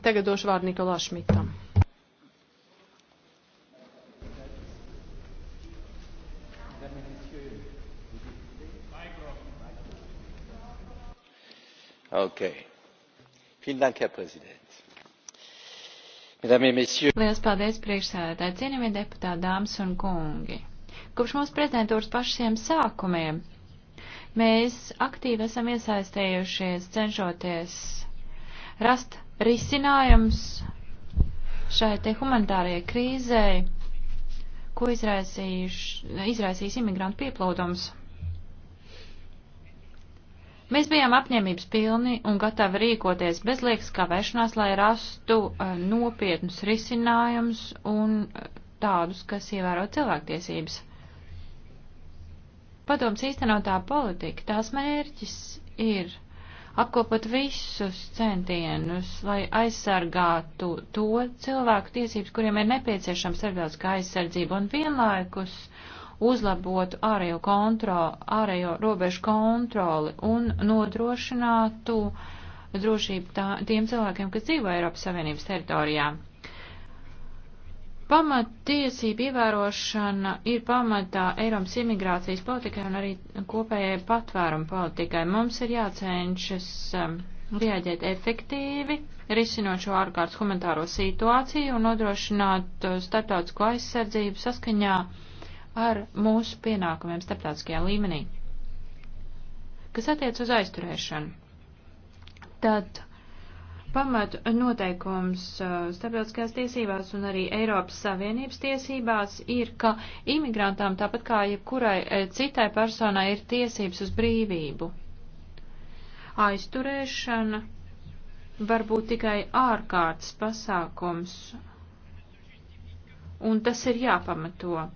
Tagad došu vārdu Nikolā Šmitam. Okay. Dank, herr präsident! liels paldies priekšsēdētāji cienījamie deputāti dāmas un kungi! kopš mūsu prezidentūras pašiem sākumiem mēs aktīvi esam iesaistējušies cenšoties rast Risinājums šai te humanitārajai krīzei, ko izraisīs imigrantu pieplūdums. Mēs bijām apņēmības pilni un gatavi rīkoties bez liekas kavēšanās, lai rastu uh, nopietnus risinājumus un uh, tādus, kas ievēro cilvēktiesības. Padoms īstenotā politika, tās mērķis ir apkopot visus centienus, lai aizsargātu to cilvēku tiesības, kuriem ir nepieciešama starptautiskā aizsardzība un vienlaikus uzlabotu ārējo, kontro, ārējo robežu kontroli un nodrošinātu drošību tā, tiem cilvēkiem, kas dzīvo Eiropas Savienības teritorijā. Pamattiesība ievērošana ir pamatā Eiropas imigrācijas politikai un arī kopējai patvērumu politikai. Mums ir jācenšas um, rieģēt efektīvi, risinot šo ārkārtas humanitāro situāciju un nodrošināt uh, starptautisko aizsardzību saskaņā ar mūsu pienākumiem starptautiskajā līmenī. Kas attiec uz aizturēšanu, tad pamatu eh, noteikums eh, starptautiskajās tiesībās un arī Eiropas Savienības tiesībās ir, ka imigrantām tāpat kā jebkurai eh, citai personai ir tiesības uz brīvību. Aizturēšana var būt tikai ārkārtas pasākums un tas ir jāpamato.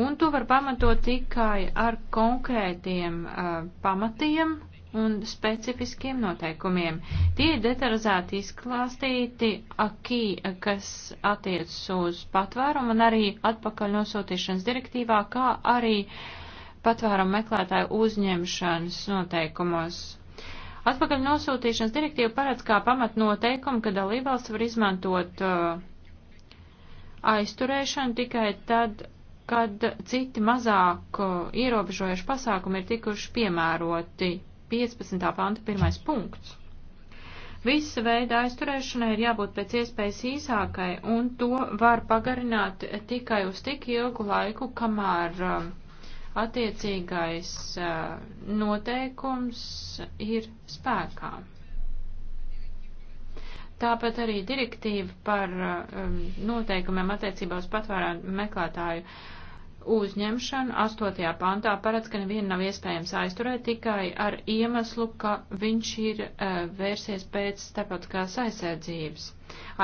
Un to var pamatot tikai ar konkrētiem uh, pamatiem, un specifiskiem noteikumiem. Tie ir detalizēti izklāstīti akī, kas attiec uz patvērumu un arī atpakaļ nosūtīšanas direktīvā, kā arī patvērumu meklētāju uzņemšanas noteikumos. Atpakaļ nosūtīšanas direktīva paredz kā pamatnoteikumu, ka dalībvalsts var izmantot uh, aizturēšanu tikai tad, kad citi mazāk uh, ierobežojuši pasākumi ir tikuši piemēroti 15. panta pirmais punkts. Visa veida aizturēšanai ir jābūt pēc iespējas īsākai, un to var pagarināt tikai uz tik ilgu laiku, kamēr um, attiecīgais uh, noteikums ir spēkā. Tāpat arī direktīva par uh, um, noteikumiem attiecībā uz patvērumu meklētāju uh, uzņemšanu 8. pantā paredz, ka nevienu nav iespējams aizturēt tikai ar iemeslu, ka viņš ir uh, vērsies pēc starptautiskās aizsardzības.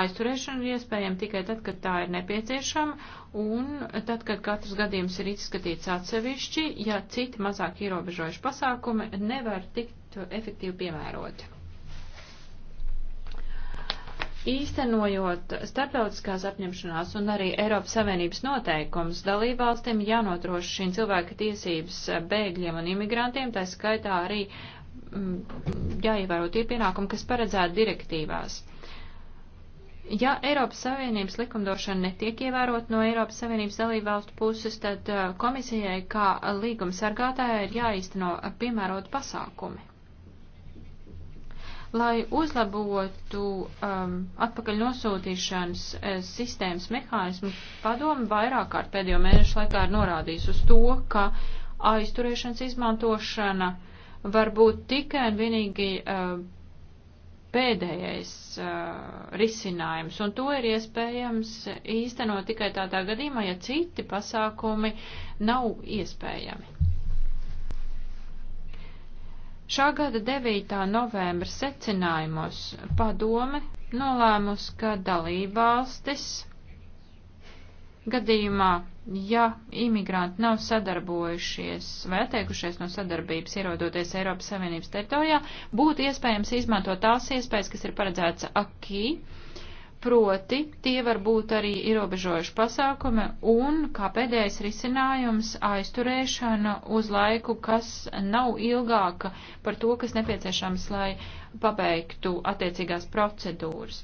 Aizturēšana ir iespējama tikai tad, kad tā ir nepieciešama un tad, kad katrs gadījums ir izskatīts atsevišķi, ja citi mazāk ierobežojuši pasākumi nevar tikt efektīvi piemēroti. Īstenojot starptautiskās apņemšanās un arī Eiropas Savienības noteikums, dalībvalstīm jānotrošina cilvēka tiesības bēgļiem un imigrantiem, tā skaitā arī mm, jāievēro tie pienākumi, kas paredzēti direktīvās. Ja Eiropas Savienības likumdošana netiek ievērot no Eiropas Savienības dalībvalstu puses, tad uh, komisijai kā līguma sargātājai ir jāīsteno piemērot pasākumi. Lai uzlabotu um, atpakaļ nosūtīšanas uh, sistēmas mehānismu, padomu vairāk kārt pēdējo mēnešu laikā ir norādījis uz to, ka aizturēšanas izmantošana var būt tikai un vienīgi uh, pēdējais uh, risinājums, un to ir iespējams īstenot tikai tādā gadījumā, ja citi pasākumi nav iespējami. Šā gada 9. novembra secinājumos padome nolēmus, ka dalībvalstis gadījumā, ja imigranti nav sadarbojušies vai atteikušies no sadarbības ierodoties Eiropas Savienības teritorijā, būtu iespējams izmantot tās iespējas, kas ir paredzētas akī Proti, tie var būt arī ierobežojuši pasākumi un, kā pēdējais risinājums, aizturēšana uz laiku, kas nav ilgāka par to, kas nepieciešams, lai pabeigtu attiecīgās procedūras.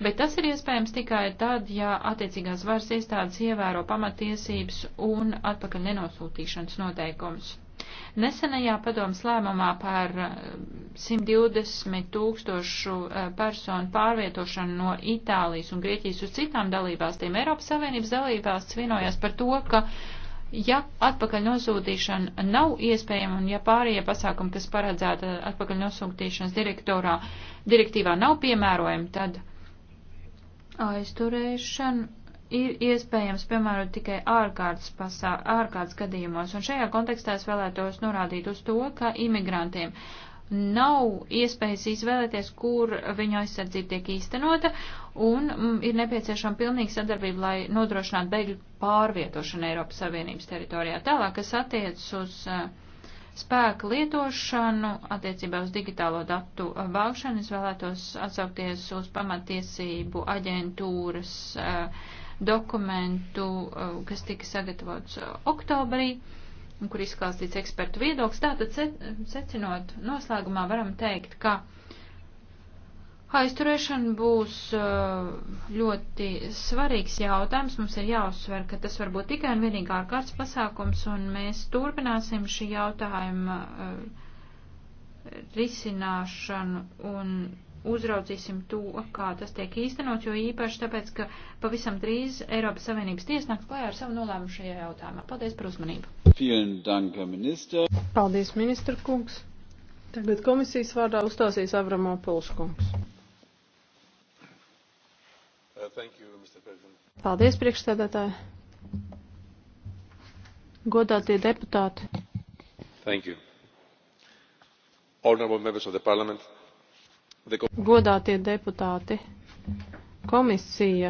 Bet tas ir iespējams tikai tad, ja attiecīgās varas iestādes ievēro pamatiesības un atpakaļ nenosūtīšanas noteikumus. Nesenajā padomas lēmumā par 120 eh, tūkstošu eh, personu pārvietošanu no Itālijas un Grieķijas uz citām dalībvalstīm Eiropas Savienības dalībvalsts vienojās par to, ka ja atpakaļ nosūtīšana nav iespējama un ja pārējie pasākumi, kas paredzēta atpakaļ nosūtīšanas direktorā, direktīvā nav piemērojami, tad aizturēšana ir iespējams piemērot tikai ārkārtas, pasā, ārkārtas gadījumos, un šajā kontekstā es vēlētos norādīt uz to, ka imigrantiem nav iespējas izvēlēties, kur viņu aizsardzība tiek īstenota, un mm, ir nepieciešama pilnīga sadarbība, lai nodrošinātu bēgļu pārvietošanu Eiropas Savienības teritorijā. Tālāk, kas attiecas uz uh, spēku lietošanu, attiecībā uz digitālo datu eh, vākšanu, es vēlētos atsaukties uz pamatiesību aģentūras uh, dokumentu, eh, kas tika sagatavots eh, oktobrī, un kur izklāstīts ekspertu viedoklis. Tātad secinot noslēgumā varam teikt, ka aizturēšana būs eh, ļoti svarīgs jautājums. Mums ir jāuzsver, ka tas var būt tikai un vienīgi ārkārtas pasākums, un mēs turpināsim šī jautājuma risināšanu un uzraudzīsim to, kā tas tiek īstenots, jo īpaši tāpēc, ka pavisam drīz Eiropas Savienības tiesnāks klājā ar savu nolēmumu šajā jautājumā. Paldies par uzmanību. Danka, minister. Paldies, ministra kungs. Tagad komisijas vārdā uzstāsies Avramo Pulškungs. Uh, you, Paldies, priekšstādātāji. Godātie deputāti. Thank you. Honorable members of the parliament. Godātie deputāti, komisija.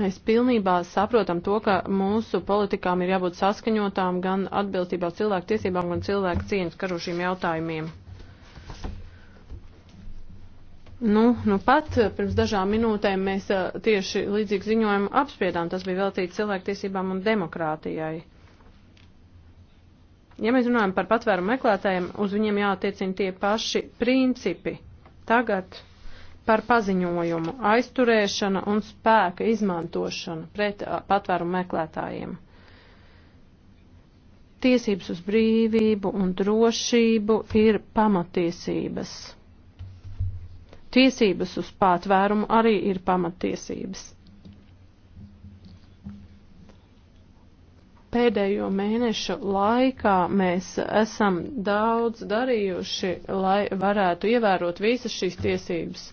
Mēs pilnībā saprotam to, ka mūsu politikām ir jābūt saskaņotām gan atbilstībā cilvēku tiesībām, gan cilvēku cieņas karošiem jautājumiem. Nu, nu pat pirms dažām minūtēm mēs eh, tieši līdzīgu ziņojumu apspriedām. Tas bija veltīts cilvēktiesībām un demokrātijai. Ja mēs runājam par patvērumu meklētājiem, uz viņiem jātiecina tie paši principi. Tagad par paziņojumu, aizturēšana un spēka izmantošana pret patvērumu meklētājiem. Tiesības uz brīvību un drošību ir pamatiesības. Tiesības uz patvērumu arī ir pamatiesības. pēdējo mēnešu laikā mēs esam daudz darījuši, lai varētu ievērot visas šīs tiesības.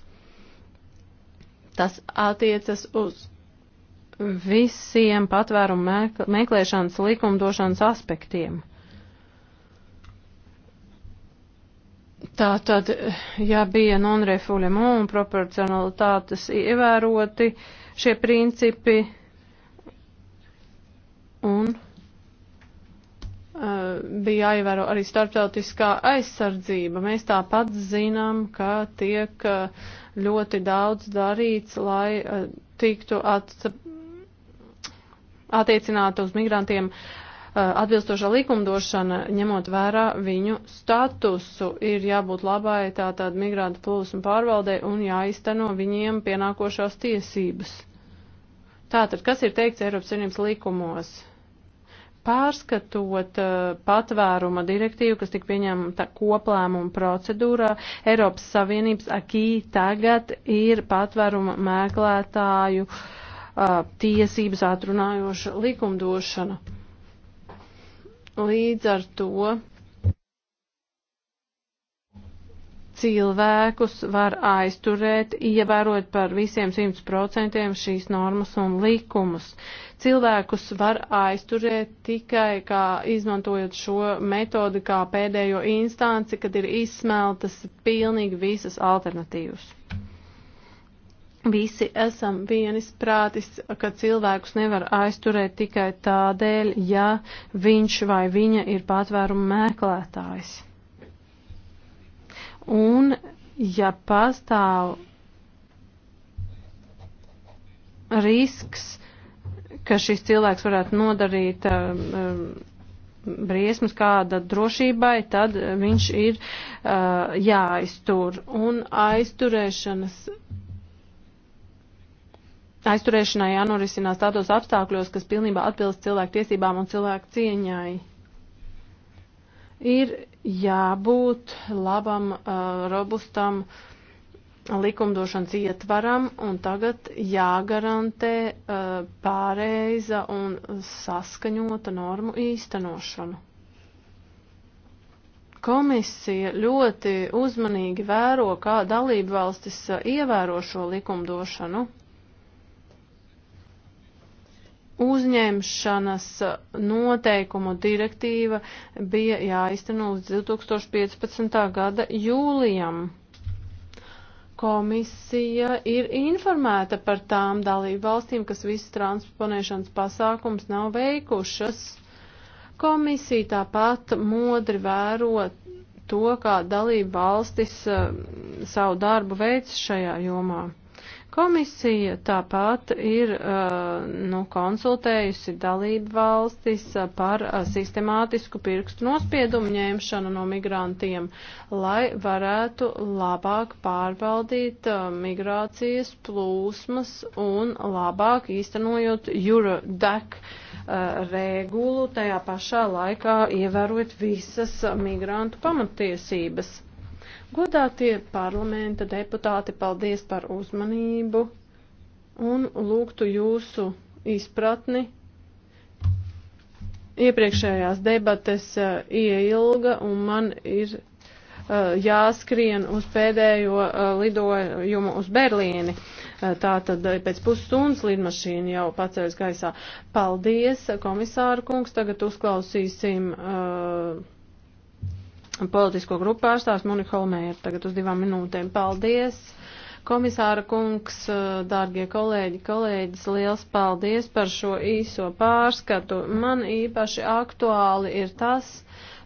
Tas attiecas uz visiem patvērumu meklēšanas likumdošanas aspektiem. Tā tad, ja bija non-refulemo un proporcionalitātes ievēroti šie principi un Eh, bija jāievēro arī starptautiskā aizsardzība. Mēs tāpat zinām, ka tiek eh, ļoti daudz darīts, lai eh, tiktu at, attiecināta uz migrantiem atbilstošā likumdošana, ņemot vērā viņu statusu, ir jābūt labai tātad migrantu plūsmu pārvaldē un jāizteno viņiem pienākošās tiesības. Tātad, kas ir teikts Eiropas Savienības likumos? Pārskatot eh, patvēruma direktīvu, kas tika pieņemta koplēmuma procedūrā, Eiropas Savienības akī tagad ir patvēruma meklētāju eh, tiesības atrunājoša likumdošana. Līdz ar to cilvēkus var aizturēt, ievērot par visiem 100% šīs normas un likumus. Cilvēkus var aizturēt tikai kā izmantojot šo metodi kā pēdējo instanci, kad ir izsmeltas pilnīgi visas alternatīvas. Visi esam vienisprātis, ka cilvēkus nevar aizturēt tikai tādēļ, ja viņš vai viņa ir patvērumu meklētājs. Un, ja pastāv risks, ka šis cilvēks varētu nodarīt um, um, briesmas kāda drošībai, tad viņš ir uh, jāaiztur. Un aizturēšanas. Aizturēšanai jānorisinās tādos apstākļos, kas pilnībā atbilst cilvēku tiesībām un cilvēku cieņai. Ir jābūt labam, robustam likumdošanas ietvaram, un tagad jāgarantē pāreiza un saskaņota normu īstenošanu. Komisija ļoti uzmanīgi vēro, kā dalību valstis ievēro šo likumdošanu uzņemšanas noteikumu direktīva bija jāizteno līdz 2015. gada jūlijam. Komisija ir informēta par tām dalību valstīm, kas visas transponēšanas pasākums nav veikušas. Komisija tāpat modri vēro to, kā dalība valstis eh, savu darbu veids šajā jomā. Komisija tāpat ir uh, nu, konsultējusi dalību valstis uh, par uh, sistemātisku pirkstu nospiedumu ņemšanu no migrantiem, lai varētu labāk pārvaldīt migrācijas plūsmas un labāk īstenojot Eurodac regulu, tajā pašā laikā ievērot visas migrantu pamatiesības. Godātie parlamenta deputāti, paldies par uzmanību un lūgtu jūsu izpratni iepriekšējās debates uh, ieilga un man ir uh, jāskrien uz pēdējo uh, lidojumu uz Berlīni. Tātad pēc pusstundas lidmašīna jau paceļas gaisā. Paldies, komisāra kungs, tagad uzklausīsim. Uh, politisko grupu pārstāvs Monika Holmēja tagad uz divām minūtēm. Paldies! Komisāra kungs, dārgie kolēģi, kolēģis, liels paldies par šo īso pārskatu. Man īpaši aktuāli ir tas,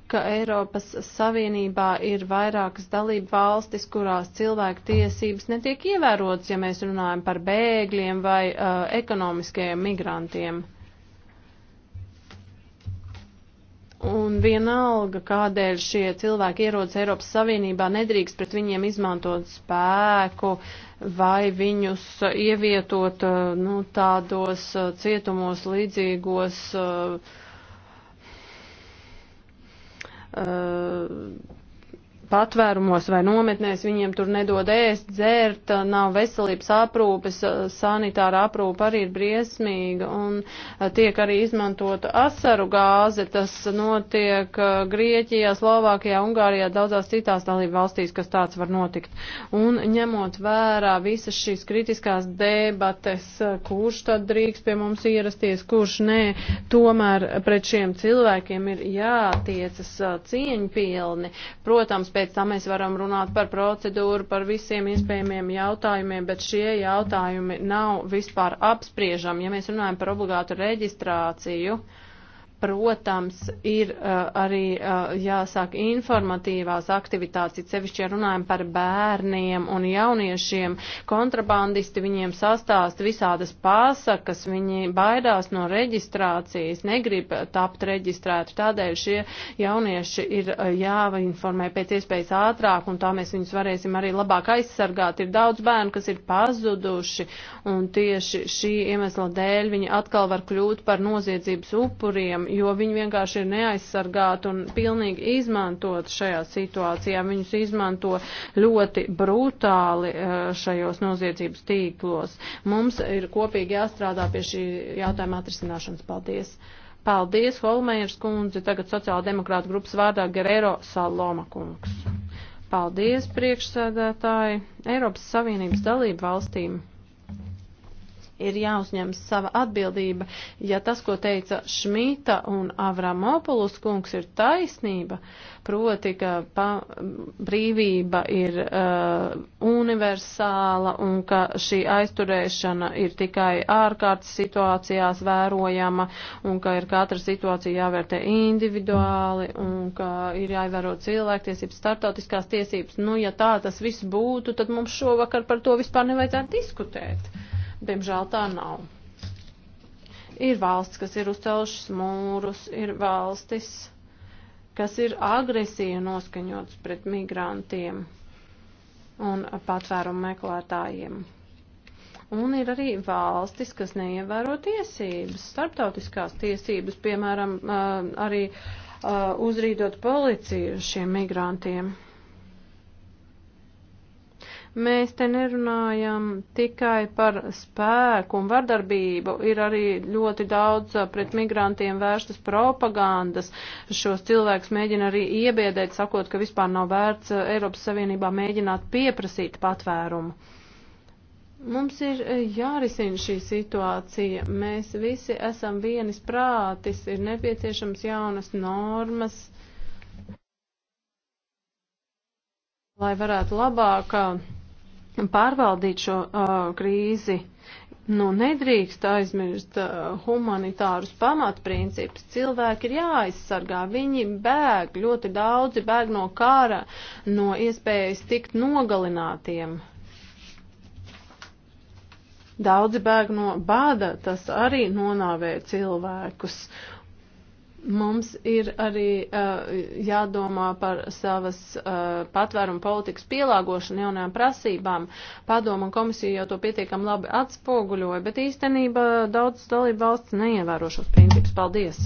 ka Eiropas Savienībā ir vairākas dalība valstis, kurās cilvēku tiesības netiek ievērotas, ja mēs runājam par bēgļiem vai uh, ekonomiskajiem migrantiem. Uh, Un vienalga, kādēļ šie cilvēki ierodas Eiropas Savienībā, nedrīkst pret viņiem izmantot spēku vai viņus ievietot eh, nu, tādos eh, cietumos līdzīgos. Uh, uh, patvērumos vai nometnēs, viņiem tur nedod ēst, dzērt, nav veselības aprūpes, sanitāra aprūpa arī ir briesmīga un tiek arī izmantota asaru gāze. Tas notiek Grieķijā, Slovākijā, Ungārijā, daudzās citās dalību valstīs, kas tāds var notikt. Un ņemot vērā visas šīs kritiskās debates, kurš tad drīkst pie mums ierasties, kurš nē, tomēr pret šiem cilvēkiem ir jātiecas cieņpilni. Protams, pēc tam mēs varam runāt par procedūru, par visiem iespējamiem jautājumiem, bet šie jautājumi nav vispār apspriežami. Ja mēs runājam par obligātu reģistrāciju, uh, protams, ir uh, arī uh, jāsāk informatīvās aktivitātes, it sevišķi, ja runājam par bērniem un jauniešiem. Kontrabandisti viņiem sastāst visādas pasakas, viņi baidās no reģistrācijas, negrib tapt reģistrēti. Tādēļ šie jaunieši ir uh, jāinformē pēc iespējas ātrāk, un tā mēs viņus varēsim arī labāk aizsargāt. Ir daudz bērnu, kas ir pazuduši, un tieši šī iemesla dēļ viņi atkal var kļūt par noziedzības upuriem jo viņi vienkārši ir neaizsargāti un pilnīgi izmantot šajā situācijā. Viņus izmanto ļoti brutāli eh, šajos noziedzības tīklos. Mums ir kopīgi jāstrādā pie šī jautājuma atrisināšanas. Paldies! Paldies, Holmējers kundze, tagad sociāldemokrāta grupas vārdā Gerero Saloma kungs. Paldies, priekšsēdētāji, Eiropas Savienības dalību valstīm ir jāuzņem sava atbildība. Ja tas, ko teica Šmita un Avramopulus kungs, ir taisnība, proti, ka pa, brīvība ir uh, universāla un ka šī aizturēšana ir tikai ārkārtas situācijās vērojama un ka ir katra situācija jāvērtē individuāli un ka ir jāievēro cilvēktiesības, startautiskās tiesības. Nu, ja tā tas viss būtu, tad mums šovakar par to vispār nevajadzētu diskutēt. Diemžēl tā nav. Ir valsts, kas ir uzcelšas mūrus, ir valstis, kas ir agresīvi noskaņots pret migrantiem un patvērumu meklētājiem. Un ir arī valstis, kas neievēro tiesības, starptautiskās tiesības, piemēram, arī uzrīdot policiju šiem migrantiem. Mēs te nerunājam tikai par spēku un vardarbību, ir arī ļoti daudz pret migrantiem vērstas propagandas. Šos cilvēkus mēģina arī iebiedēt, sakot, ka vispār nav vērts Eiropas Savienībā mēģināt pieprasīt patvērumu. Mums ir jārisina šī situācija. Mēs visi esam vienis prātis, ir nepieciešams jaunas normas, lai varētu labāk pārvaldīt šo uh, krīzi. Nu, nedrīkst aizmirst uh, humanitārus pamatprincipus. Cilvēki ir jāaizsargā, viņi bēg, ļoti daudzi bēg no kara, no iespējas tikt nogalinātiem. Daudzi bēg no bāda, tas arī nonāvē cilvēkus. Uh, Mums ir arī uh, jādomā par savas uh, patvērumu politikas pielāgošanu jaunajām prasībām. Padomu un komisija jau to pietiekam labi atspoguļoja, bet īstenībā daudz dalību valsts neievēro šos principus. Paldies!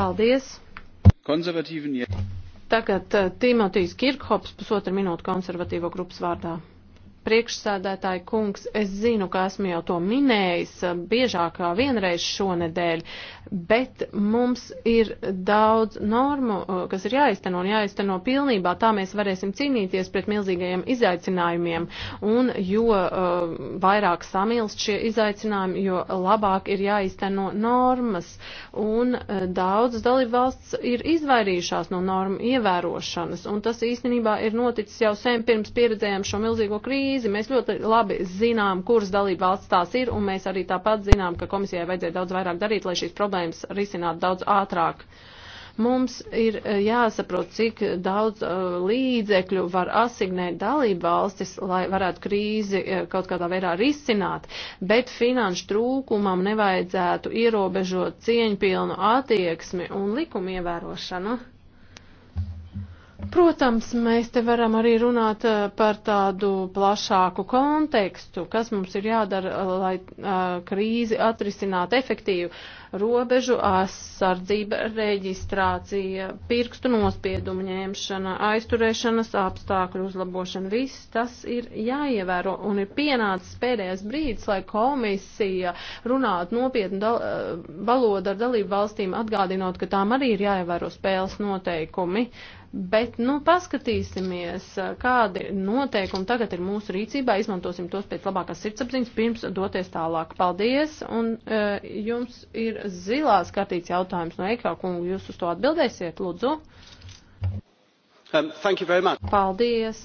Paldies! Konservatīvin... Tagad uh, Timotijs Kirkhops pusotru minūtu konservatīvo grupas vārdā priekšsādātāji kungs, es zinu, ka esmu jau to minējis eh, biežāk kā vienreiz šonedēļ, bet mums ir daudz normu, eh, kas ir jāizteno un jāizteno pilnībā, tā mēs varēsim cīnīties pret milzīgajiem izaicinājumiem, un jo uh, vairāk samilst šie izaicinājumi, jo labāk ir jāizteno normas, un uh, daudzas dalību valsts ir izvairījušās no normu ievērošanas, un tas īstenībā ir noticis jau sen pirms pieredzējām šo milzīgo krīzi, krīzi. Mēs ļoti labi zinām, kuras dalība valsts tās ir, un mēs arī tāpat zinām, ka komisijai vajadzēja daudz vairāk darīt, lai šīs problēmas risinātu daudz ātrāk. Mums ir eh, jāsaprot, cik daudz uh, līdzekļu var asignēt dalību valstis, lai varētu krīzi uh, kaut kādā veidā risināt, bet finanšu trūkumam nevajadzētu ierobežot cieņpilnu attieksmi un likumu ievērošanu. Protams, mēs te varam arī runāt eh, par tādu plašāku kontekstu, kas mums ir jādara, eh, lai eh, krīzi atrisinātu efektīvi. Robežu aizsardzība, reģistrācija, pirkstu nospiedumu ņemšana, aizturēšanas apstākļu uzlabošana, viss tas ir jāievēro un ir pienācis pēdējais brīdis, lai komisija runātu nopietnu valodu ar dalību valstīm, atgādinot, ka tām arī ir jāievēro spēles noteikumi. Uh, Bet, nu, paskatīsimies, kādi noteikumi tagad ir mūsu rīcībā, izmantosim tos pēc labākās sirdsapziņas, pirms doties tālāk. Paldies, un e, jums ir zilās kartīts jautājums no Eikā, kungu, jūs uz to atbildēsiet, lūdzu. Um, thank you very much. Paldies.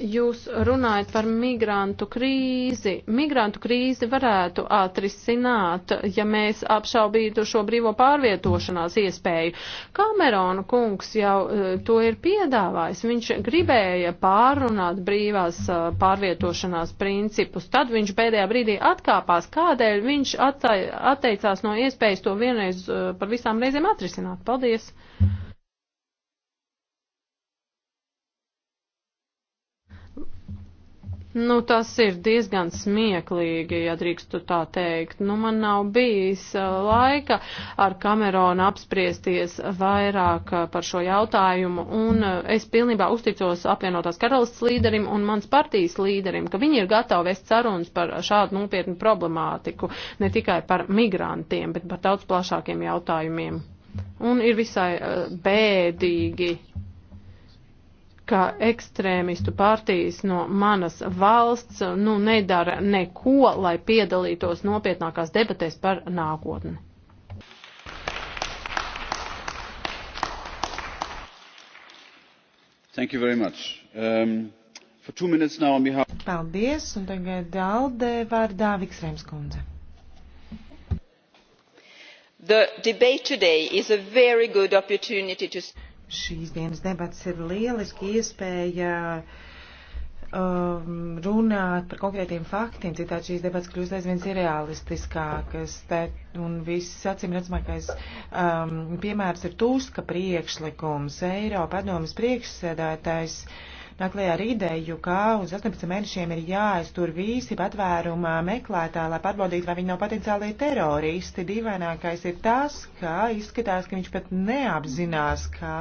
Jūs runājat par migrantu krīzi. Migrantu krīzi varētu atrisināt, ja mēs apšaubītu šo brīvo pārvietošanās iespēju. Kamerona kungs jau eh, to ir piedāvājis. Viņš gribēja pārunāt brīvās eh, pārvietošanās principus. Tad viņš pēdējā brīdī atkāpās. Kādēļ viņš atteicās no iespējas to vienreiz eh, par visām reizēm atrisināt? Paldies! Thank you. Nu, tas ir diezgan smieklīgi, ja drīkstu tā teikt. Nu, man nav bijis uh, laika ar Kameronu apspriesties vairāk uh, par šo jautājumu, un uh, es pilnībā uzticos apvienotās karalists līderim un mans partijas līderim, ka viņi ir gatavi vest sarunas par šādu nopietnu problemātiku, ne tikai par migrantiem, bet par daudz plašākiem jautājumiem. Un ir visai bēdīgi ka ekstrēmistu partijas no manas valsts nu, nedara neko, lai piedalītos nopietnākās debatēs par nākotni. Thank you very much. Um, for two minutes now on behalf. Paldies, un tagad Alde vārdā Vikstrēms kundze. The debate today is a very good opportunity to Šīs dienas debats ir lieliski iespēja um, runāt par konkrētiem faktiem, citādi šīs debats kļūst aizvien realistiskākas. Tēt, un viss acīm redzamākais um, piemērs ir Tuska priekšlikums, Eiropa padomas priekšsēdētājs. Uh, nāk lejā ar ideju, ka uz 18 mēnešiem ir jāaiztur visi patvērumā meklētā, lai pārbaudītu, vai viņi nav potenciāli teroristi. Dīvainākais ir tas, ka izskatās, ka viņš pat neapzinās, ka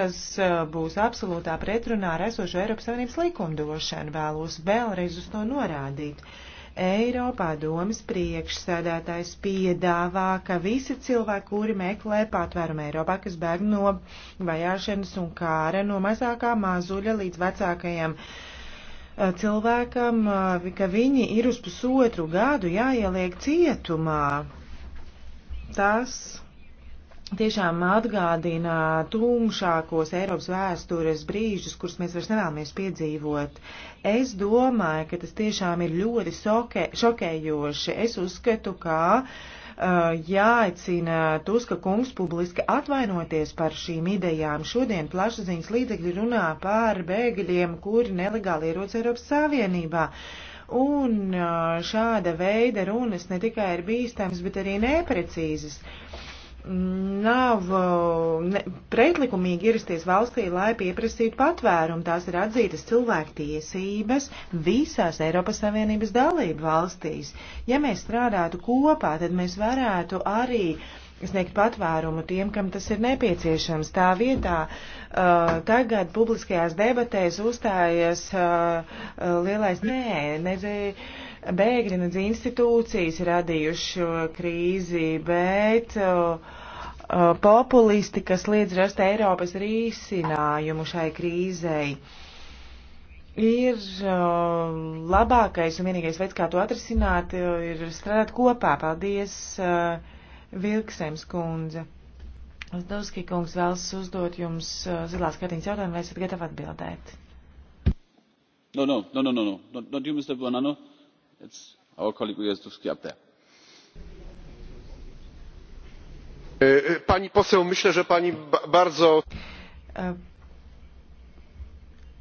tas uh, būs absolūtā pretrunā ar esošo Eiropas Savienības likumdošanu. Vēlos vēlreiz uz to norādīt. Uh, Eiropā domas priekšsēdētājs piedāvā, ka visi cilvēki, kuri meklē patvērumu Eiropā, kas bēg no vajāšanas un kāra, no mazākā mazuļa līdz vecākajam eh, cilvēkam, eh, ka viņi ir uz pusotru gadu jāieliek cietumā. Tas tiešām atgādina tumšākos Eiropas vēstures brīžus, kurus mēs vairs nevēlamies piedzīvot. Es domāju, ka tas tiešām ir ļoti soke, šokējoši. Es uzskatu, ka uh, jāicina Tuska kungs publiski atvainoties par šīm idejām. Šodien plašsaziņas līdzekļi runā par bēgļiem, kuri nelegāli ierodas Eiropas Savienībā. Un uh, šāda veida runas ne tikai ir bīstams, bet arī neprecīzes. Uh, nav eh, ne, pretlikumīgi ierasties valstī, lai pieprasītu patvērumu. Tās ir atzītas cilvēktiesības visās Eiropas Savienības dalību valstīs. Ja mēs strādātu kopā, tad mēs varētu arī sniegt patvērumu tiem, kam tas ir nepieciešams. Tā vietā uh, tagad publiskajās debatēs uzstājas uh, lielais nē, nezinu bēgļi nedz institūcijas radījuši krīzi, bet populisti, kas liedz rast Eiropas risinājumu šai krīzei ir uh, labākais un vienīgais veids, kā to atrisināt, ir strādāt kopā. Paldies, uh, Vilksēms kundze. Uzdovski kungs vēlas uzdot jums uh, zilās kartiņas jautājumu, vai esat gatavi atbildēt? No, no, no, no, no, no, not you, Mr. Bonano it's our colleague Ujazdowski up there. E, pani poseł, myślę, że pani bardzo. E,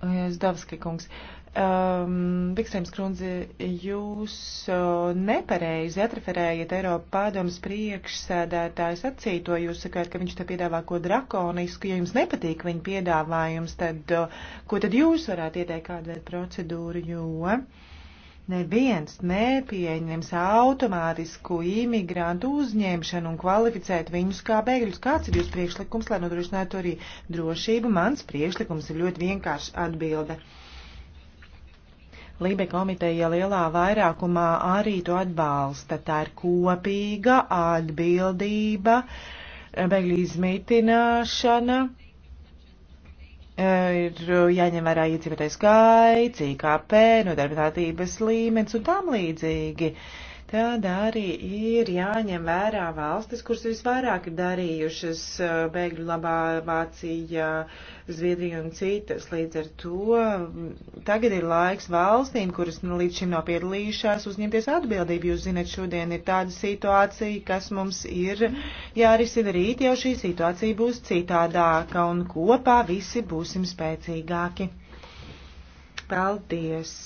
Ujazdowski kungs. Um, e, Vikstrēms kundze, jūs uh, nepareizi atreferējat Eiropa padomas priekšsēdētāju sacīto. Jūs sakāt, ka viņš te piedāvā ko drakonisku. Ja jums nepatīk viņa piedāvājums, tad uh, ko tad jūs varētu ieteikt kādu veidu procedūru, jo. Uh, Neviens nepieņems automātisku imigrantu uzņemšanu un kvalificēt viņus kā bēgļus. Kāds ir jūsu priekšlikums, lai nodrošinātu arī drošību? Mans priekšlikums ir ļoti vienkārši atbilde. Lībe komiteja lielā vairākumā arī to atbalsta. Tā ir kopīga atbildība, bēgļu izmitināšana ir eh, jāņem vērā iedzīvotais gaits, IKP, nodarbinātības līmenis un tam līdzīgi. Uh, Tad arī ir jāņem vērā valstis, kuras visvairāk ir darījušas eh, bēgļu labā Vācija, Zviedrija un citas. Līdz ar to mm, tagad ir laiks valstīm, kuras nu, līdz šim nav piedalījušās, uzņemties atbildību. Jūs zinat, šodien ir tāda situācija, kas mums ir jārisina rīt, jau šī situācija būs citādāka un kopā visi būsim spēcīgāki. Paldies!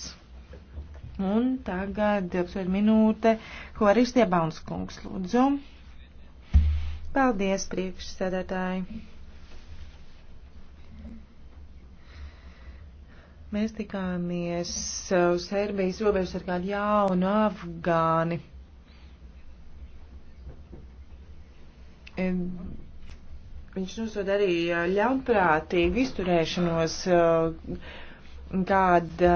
Un tagad 20 minūte, ko arī Stiebauns kungs lūdzu. Paldies, priekšsēdētāji. Mēs tikāmies uz Serbijas robežas ar kādu jaunu afgāni. Viņš nosod arī ļaunprātīgu izturēšanos uh, kāda,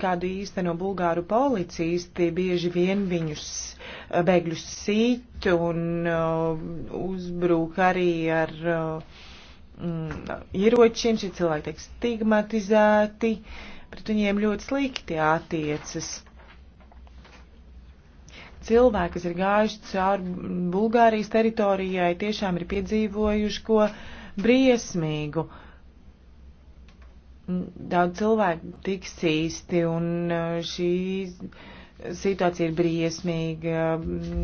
kādu īsteno bulgāru policisti, bieži vien viņus eh, bēgļus sīt un uh, uzbrūk arī ar uh, ieročiem. Šie cilvēki tiek stigmatizēti, pret viņiem ļoti slikti attiecas. Cilvēki, kas ir gājuši cauri Bulgārijas teritorijai, tiešām ir piedzīvojuši ko briesmīgu. Uh, daudz cilvēku tiks īsti, un uh, šī situācija ir briesmīga.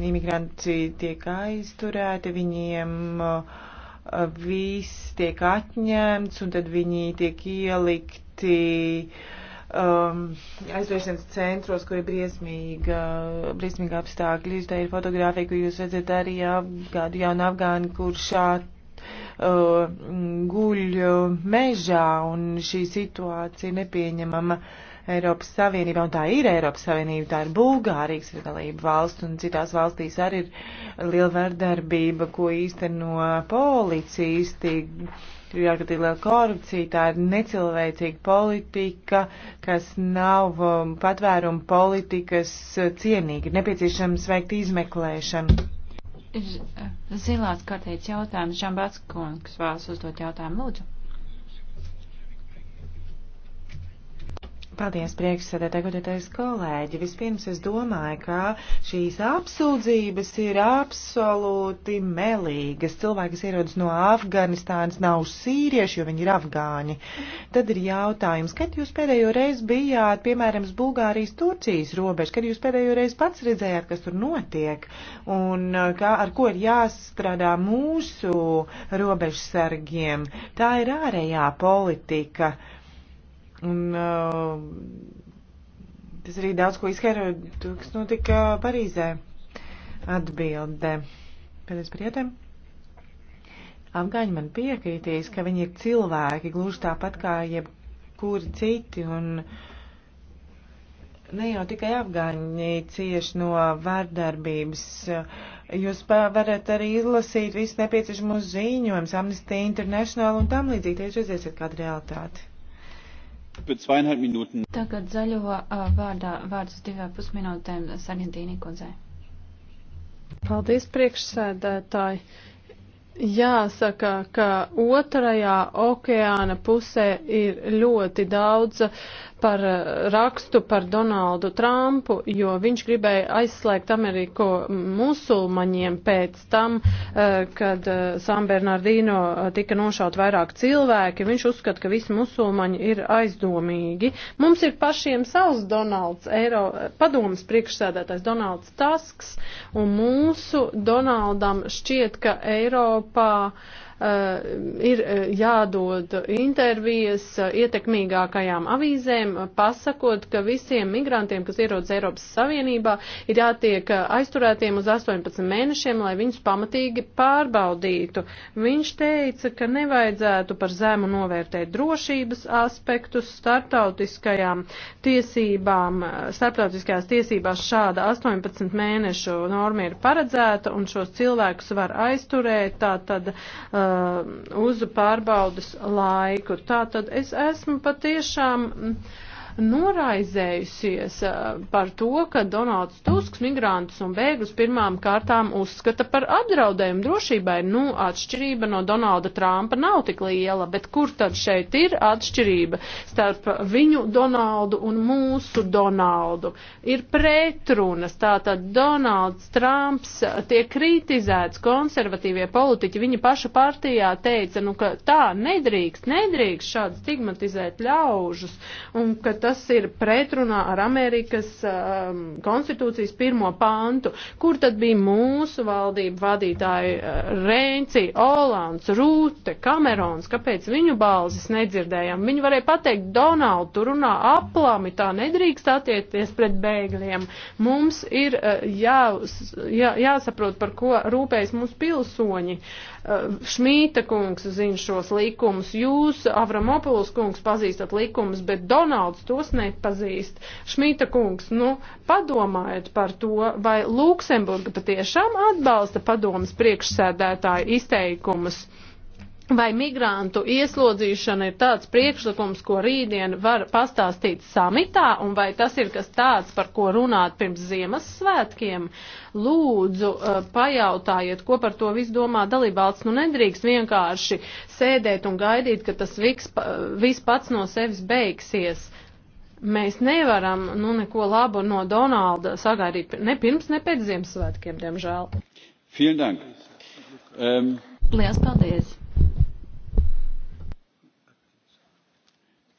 Imigranti tiek aizturēti, viņiem uh, viss tiek atņemts, un tad viņi tiek ielikti um, aizvēršanas centros, kur ir briesmīga, briesmīga apstākļi. Tā ir fotografija, kur jūs redzat arī afgādu jaunu afgāni, kurš šādi Uh, guļ uh, mežā un šī situācija nepieņemama. Eiropas Savienībā, un tā ir Eiropas Savienība, tā ir Bulgārijas dalība valsts, un citās valstīs arī ir liela vardarbība, ko īsteno policisti, ir ārkārtīgi liela korupcija, tā ir necilvēcīga politika, kas nav um, patvēruma politikas cienīga, ir nepieciešams veikt izmeklēšanu ir zilās kartītes jautājums. Žambats kungs vēlas uzdot jautājumu. Lūdzu. Paldies, priekšsēdētāji, godētais kolēģi. Vispirms es domāju, ka šīs apsūdzības ir absolūti melīgas. Cilvēki, kas ierodas no Afganistānas, nav sīrieši, jo viņi ir afgāņi. Tad ir jautājums, kad jūs pēdējo reizi bijāt, piemēram, Bulgārijas Turcijas robeža, kad jūs pēdējo reizi pats redzējāt, kas tur notiek un uh, kā, ar ko ir jāstrādā mūsu robežsargiem. Tā ir ārējā politika. Uh, Un uh, tas arī daudz ko izskaidro, kas notika Parīzē. Atbilde. Pēc prietēm. Afgāņi man piekritīs, ka viņi ir cilvēki, gluži tāpat kā jebkuri citi, un ne jau tikai afgāņi cieši no vārdarbības. Jūs varat arī izlasīt visu nepieciešamo ziņojumus, Amnesty International un tam līdzīgi, tieši redzēsiet kādu realitāti. Tagad zaļo uh, vārdā vārds divā pusminūtēm Sargentīnī kundzei. Paldies, priekšsēdētāji. Jāsaka, ka otrajā okeāna pusē ir ļoti daudz par eh, rakstu par Donaldu Trumpu, jo viņš gribēja aizslēgt Ameriku musulmaņiem pēc tam, eh, kad eh, San Bernardino tika nošaut vairāk cilvēki. Viņš uzskata, ka visi musulmaņi ir aizdomīgi. Mums ir pašiem savs Donalds, Eiro, padomas priekšsēdētājs Donalds Tasks, un mūsu Donaldam šķiet, ka Eiropā uh, Eh, ir eh, jādod intervijas eh, ietekmīgākajām avīzēm, pasakot, ka visiem migrantiem, kas ierodas Eiropas Savienībā, ir jātiek aizturētiem uz 18 mēnešiem, lai viņus pamatīgi pārbaudītu. Viņš teica, ka nevajadzētu par zemu novērtēt drošības aspektus starptautiskajām tiesībām. Starptautiskajās tiesībās šāda 18 mēnešu norma ir paredzēta, un šos cilvēkus var aizturēt. Tātad, uh, uh, uz pārbaudas laiku. Tātad es esmu patiešām. Uh, noraizējusies uh, par to, ka Donalds Tusks migrantus un bēgus pirmām kārtām uzskata par apdraudējumu drošībai. Nu, atšķirība no Donalda Trumpa nav tik liela, bet kur tad šeit ir atšķirība starp viņu Donaldu un mūsu Donaldu? Ir pretrunas, tātad Donalds Trumps tiek kritizēts, konservatīvie politiķi viņa paša partijā teica, nu, ka tā nedrīkst, nedrīkst šādi stigmatizēt ļaužus, un ka tas ir pretrunā ar Amerikas um, konstitūcijas pirmo pantu, kur tad bija mūsu valdību vadītāji uh, Reinci, Olāns, Rūte, Kamerons, kāpēc viņu balzis nedzirdējām? Viņi varēja pateikt, Donald, tu runā aplami, tā nedrīkst attiekties pret bēgļiem. Mums ir uh, jā, jā, jāsaprot, par ko rūpējas mūsu pilsoņi. Uh, Šmīta kungs zina šos likumus, jūs, Avramopuls kungs, pazīstat likumus, bet Donalds to tos nepazīst. Šmita kungs, nu, padomājiet par to, vai Luksemburga patiešām atbalsta padomas priekšsēdētāju izteikumus. Vai migrantu ieslodzīšana ir tāds priekšlikums, ko rītdien var pastāstīt samitā, un vai tas ir kas tāds, par ko runāt pirms Ziemassvētkiem? Lūdzu, eh, pajautājiet, ko par to viss domā dalībvalsts. Nu nedrīkst vienkārši sēdēt un gaidīt, ka tas viss pats no sevis beigsies. Mēs nevaram nu, neko labu no Donalda sagaidīt ne pirms, ne pēc Ziemassvētkiem, diemžēl. Um... Ähm, Lielas paldies!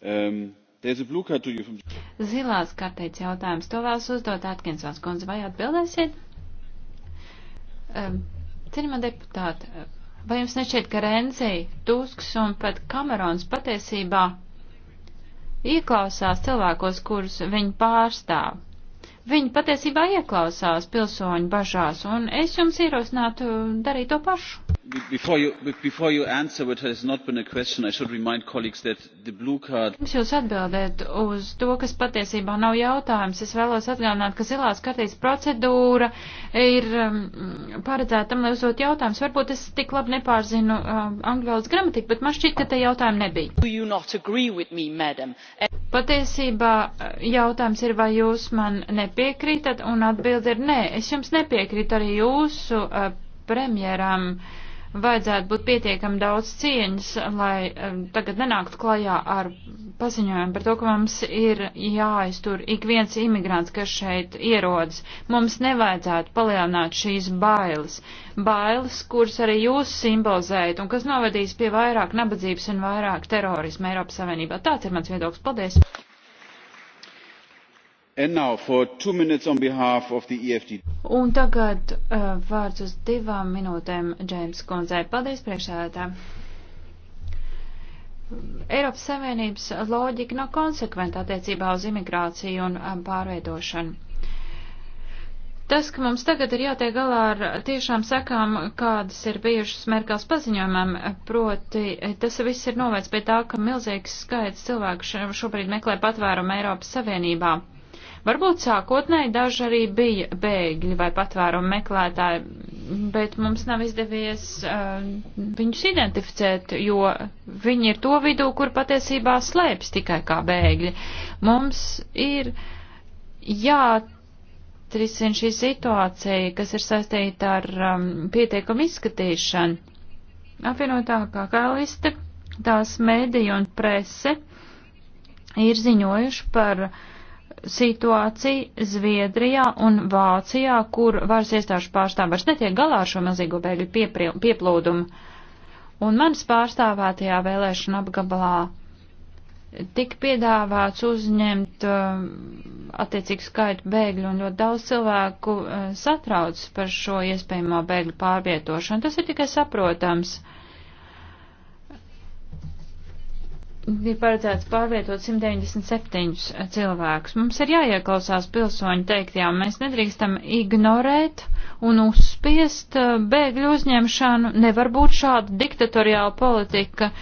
Um, from... Zilās karteitas jautājums. To vēlas uzdot Atkinsons kundze. Vai atbildēsiet? Um, ähm, Cienījumā deputāti, vai jums nešķiet, ka Renzi, Tusks un pat Kamerons patiesībā ieklausās cilvēkos, kurus viņi pārstāv. Viņi patiesībā ieklausās pilsoņu bažās, un es jums ierosinātu darīt to pašu. Before you, before you answer what has not been a question, I should remind colleagues that the blue card... Jums jūs atbildēt uz to, kas patiesībā nav jautājums. Es vēlos atgādināt, ka zilās kartītes procedūra ir um, paredzēta tam, lai uzdot jautājums. Varbūt es tik labi nepārzinu um, angļu valodas gramatiku, bet man šķiet, ka te jautājumi nebija. Me, Patiesībā uh, jautājums ir, vai jūs man nepārzinu piekrītat, un atbildi ir nē. Es jums nepiekrītu arī jūsu uh, premjeram. Vajadzētu būt pietiekami daudz cieņas, lai um, tagad nenāktu klajā ar paziņojumu par to, ka mums ir jāiztur ik viens imigrants, kas šeit ierodas. Mums nevajadzētu palielināt šīs bailes. Bailes, kuras arī jūs simbolizējat un kas novadīs pie vairāk nabadzības un vairāk terorisma Eiropas Savienībā. Tāds ir mans viedoklis. Paldies! E un tagad uh, vārds uz divām minūtēm Džēms kundzei. Paldies priekšsēdētā. Eiropas Savienības loģika nav no konsekventa attiecībā uz imigrāciju un um, pārveidošanu. Tas, ka mums tagad ir jātiek galā ar tiešām sekām, kādas ir bijušas Merkels paziņojumam, proti tas viss ir novērts pie tā, ka milzīgs skaits cilvēku šobrīd meklē patvērumu Eiropas Savienībā. Varbūt sākotnēji daži arī bija bēgļi vai patvērumu meklētāji, bet mums nav izdevies uh, viņus identificēt, jo viņi ir to vidū, kur patiesībā slēpjas tikai kā bēgļi. Mums ir jāatrisina šī situācija, kas ir saistīta ar um, pieteikumu izskatīšanu. Apvienotākā karaliste, tās mēdī un prese ir ziņojuši par uh, situācija Zviedrijā un Vācijā, kur varas iestāžu pārstāvi vairs netiek galā ar šo milzīgo bēgļu pieplūdumu. Un manas pārstāvētajā vēlēšana apgabalā tika piedāvāts uzņemt uh, attiecīgu skaitu bēgļu, un ļoti daudz cilvēku uh, satrauc par šo iespējamo bēgļu pārvietošanu. Tas ir tikai saprotams. Uh, bija paredzēts pārvietot 197 cilvēkus. Mums ir jāieklausās pilsoņu teiktajā, mēs nedrīkstam ignorēt un uzspiest uh, bēgļu uzņemšanu. Nevar būt šāda diktatoriāla politika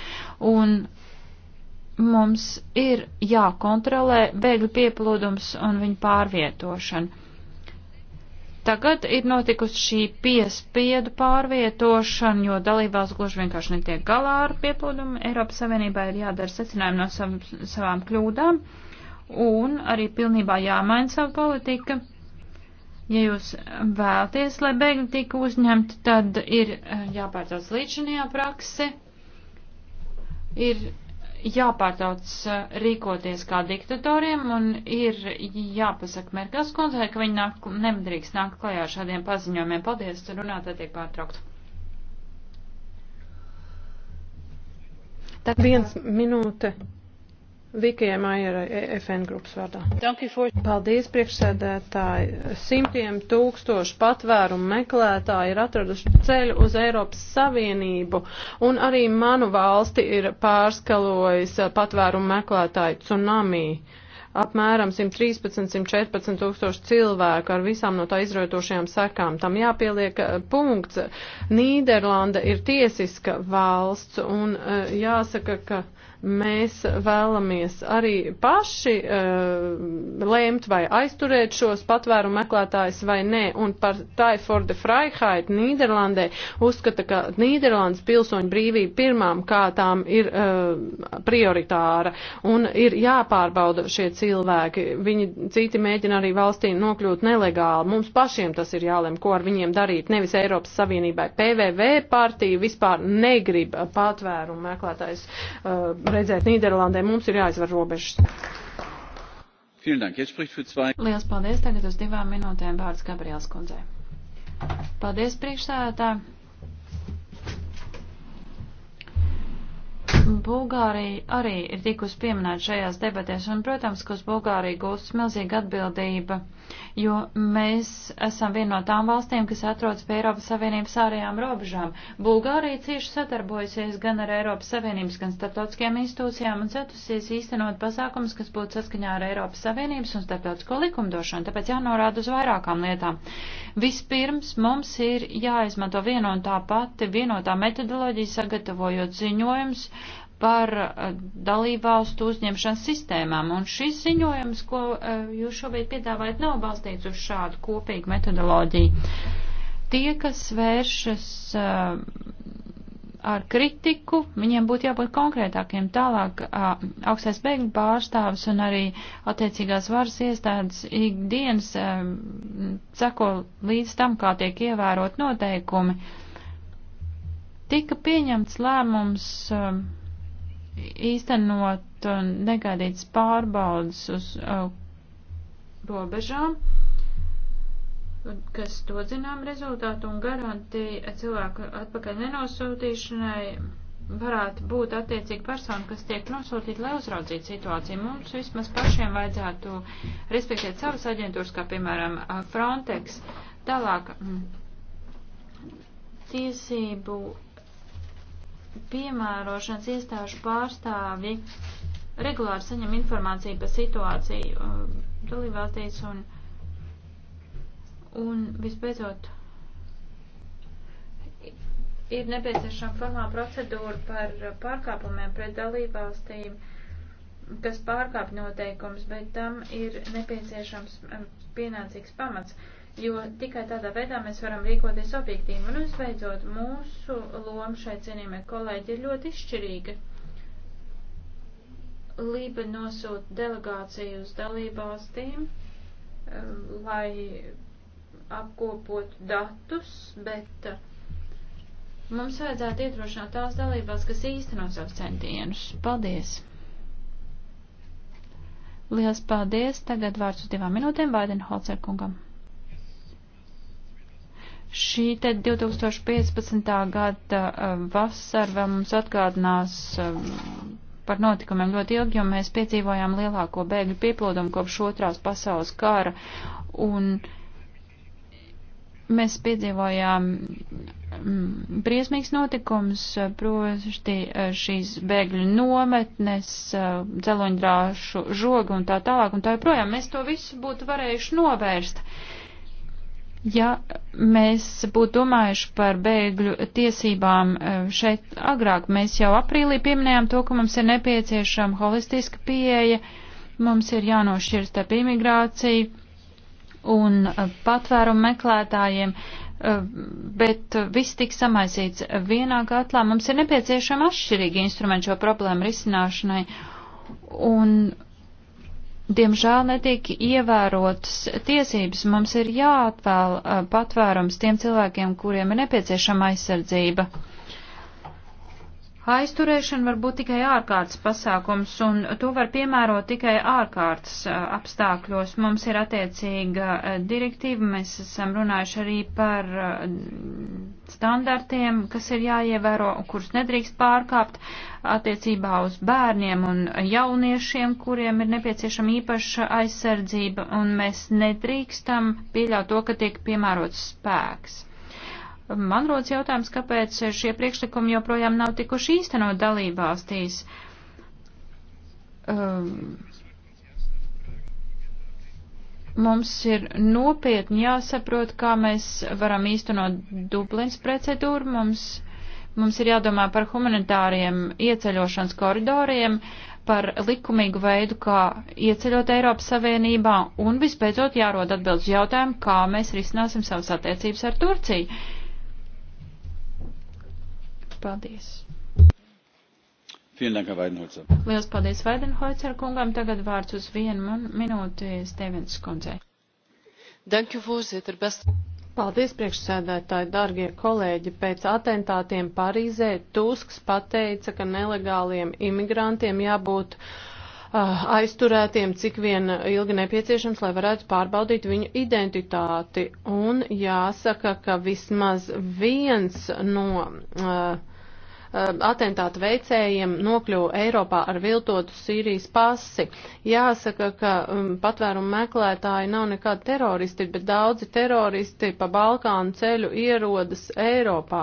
un mums ir jākontrolē bēgļu pieplūdums un viņu pārvietošana. Tagad ir notikusi šī piespiedu pārvietošana, jo dalībās gluži vienkārši netiek galā ar pieplūdumu. Eiropas Savienībā ir jādara secinājumi no sav, savām kļūdām un arī pilnībā jāmaina savu politiku. Ja jūs vēlaties, lai bēgļi tika uzņemti, tad ir eh, jāpārcauc līdzinājā praksi. Ir jāpārtauc eh, rīkoties kā diktatoriem un ir jāpasaka Merkels kundzei, ka viņi nāk, nedrīkst nākt klajā ar šādiem paziņojumiem. Paldies, runāt tiek pārtraukt. Tad viens minūte. Vikijai Maierai e FN grupas vārdā. Paldies, priekšsēdētāji. Simtiem tūkstošu patvērumu meklētāji ir atraduši ceļu uz Eiropas Savienību, un arī manu valsti ir pārskalojis patvērumu meklētāju tsunami apmēram 113, 114 tūkstoši cilvēku ar visām no tā izrotošajām sekām. Tam jāpieliek eh, punkts. Nīderlanda ir tiesiska valsts un eh, jāsaka, ka Mēs vēlamies arī paši uh, lēmt vai aizturēt šos patvēru meklētājus vai nē. Un par Taiforde Freiheit Nīderlandē uzskata, ka Nīderlandes pilsoņu brīvība pirmām kārtām ir uh, prioritāra un ir jāpārbauda šie cilvēki. Viņi citi mēģina arī valstī nokļūt nelegāli. Mums pašiem tas ir jālem, ko ar viņiem darīt, nevis Eiropas Savienībai. PVV partija vispār negrib patvērumu meklētājus. Uh, redzēt Nīderlandē. Mums ir jāizvar robežas. Lielas paldies. Tagad uz divām minūtēm vārds Gabriels kundzei. Paldies, priekšsēdētāji. Bulgārija arī ir tikusi pieminēta šajās debatēs, un, protams, ka uz Bulgāriju gūst milzīga atbildība jo mēs esam viena no tām valstīm, kas atrodas pie Eiropas Savienības ārējām robežām. Bulgārija cieši sadarbojusies gan ar Eiropas Savienības, gan starptautiskajām institūcijām un cetusies īstenot pasākums, kas būtu saskaņā ar Eiropas Savienības un starptautisko likumdošanu, tāpēc jānorāda uz vairākām lietām. Vispirms mums ir jāizmanto vienotā pati, vienotā metodoloģija, sagatavojot ziņojums, uh, par eh, dalībvalstu uzņemšanas sistēmām. Un šis ziņojums, ko eh, jūs šobrīd piedāvājat, nav balstīts uz šādu kopīgu metodoloģiju. Tie, kas vēršas eh, ar kritiku, viņiem būtu jābūt konkrētākiem. Tālāk augstais bēgļu pārstāvis un arī attiecīgās varas iestādes ikdienas seko līdz tam, kā tiek ievērot noteikumi. Tika pieņemts lēmums. Uh, īstenot uh, negaidītas pārbaudas uz uh, robežām, kas to zinām rezultātu un garantija cilvēku atpakaļ nenosūtīšanai varētu būt attiecīgi persona, kas tiek nosūtīta, lai uzraudzītu situāciju. Mums vismaz pašiem vajadzētu respektēt savas aģentūras, kā piemēram uh, Frontex. Tālāk mm, tiesību piemērošanas iestāžu pārstāvi regulāri saņem informāciju par situāciju uh, dalībvalstīs un, un visbeidzot ir nepieciešama formāla procedūra par pārkāpumiem pret dalībvalstīm, kas pārkāp noteikums, bet tam ir nepieciešams um, pienācīgs pamats jo tikai tādā veidā mēs varam rīkoties objektīvi. Un uzbeidzot, mūsu loma šai cienījumai kolēģi ir ļoti izšķirīga. Lība nosūta delegāciju uz dalībvalstīm, um, lai apkopotu datus, bet uh, mums vajadzētu iedrošināt tās dalībās, kas īsteno savus centienus. Paldies! Lielas paldies! Tagad vārds uz divām minūtēm Baiden Holcer kungam. Šī te 2015. gada eh, vasara vēl mums atgādinās eh, par notikumiem ļoti ilgi, jo mēs piedzīvojām lielāko bēgļu pieplūdumu kopš otrās pasaules kara, un mēs piedzīvojām mm, briesmīgs notikums, proti eh, šīs bēgļu nometnes, dzeloņdrāšu žoga un tā tālāk, un tā joprojām mēs to visu būtu varējuši novērst. Uh, Ja mēs būtu domājuši par bēgļu tiesībām e, šeit agrāk, mēs jau aprīlī pieminējām to, ka mums ir nepieciešama holistiska pieeja, mums ir jānošķirs starp imigrāciju un e, patvērumu meklētājiem, e, bet viss tiks samaisīts vienā katlā. Mums ir nepieciešama atšķirīga instrumenta šo problēmu risināšanai. Un diemžēl netiek ievērotas tiesības. Mums ir jāatvēl eh, patvērums tiem cilvēkiem, kuriem ir nepieciešama aizsardzība. Aizturēšana var būt tikai ārkārtas pasākums, un to var piemērot tikai ārkārtas apstākļos. Mums ir attiecīga direktīva, mēs esam runājuši arī par standartiem, kas ir jāievēro, kurus nedrīkst pārkāpt attiecībā uz bērniem un jauniešiem, kuriem ir nepieciešama īpaša aizsardzība, un mēs nedrīkstam pieļaut to, ka tiek piemērots spēks. Man rodas jautājums, kāpēc šie priekšlikumi joprojām nav tikuši īstenot dalībvalstīs. Um, mums ir nopietni jāsaprot, kā mēs varam īstenot Dublins procedūru. Mums, mums ir jādomā par humanitāriem ieceļošanas koridoriem, par likumīgu veidu, kā ieceļot Eiropas Savienībā un visbeidzot jārod atbildes jautājumu, kā mēs risināsim savas attiecības ar Turciju. Paldies! Lielas paldies Vaidenhoicer kungam. Tagad vārds uz vienu minūti Stevens kundzei. Paldies, priekšsēdētāji, dargie kolēģi. Pēc atentātiem Parīzē Tusks pateica, ka nelegāliem imigrantiem jābūt uh, aizturētiem cik vien ilgi nepieciešams, lai varētu pārbaudīt viņu identitāti. Un jāsaka, ka vismaz viens no. Uh, Um, atentātu veicējiem nokļuva Eiropā ar viltotu Sīrijas pasi. Jāsaka, ka um, patvērumu meklētāji nav nekādi teroristi, bet daudzi teroristi pa Balkānu ceļu ierodas Eiropā,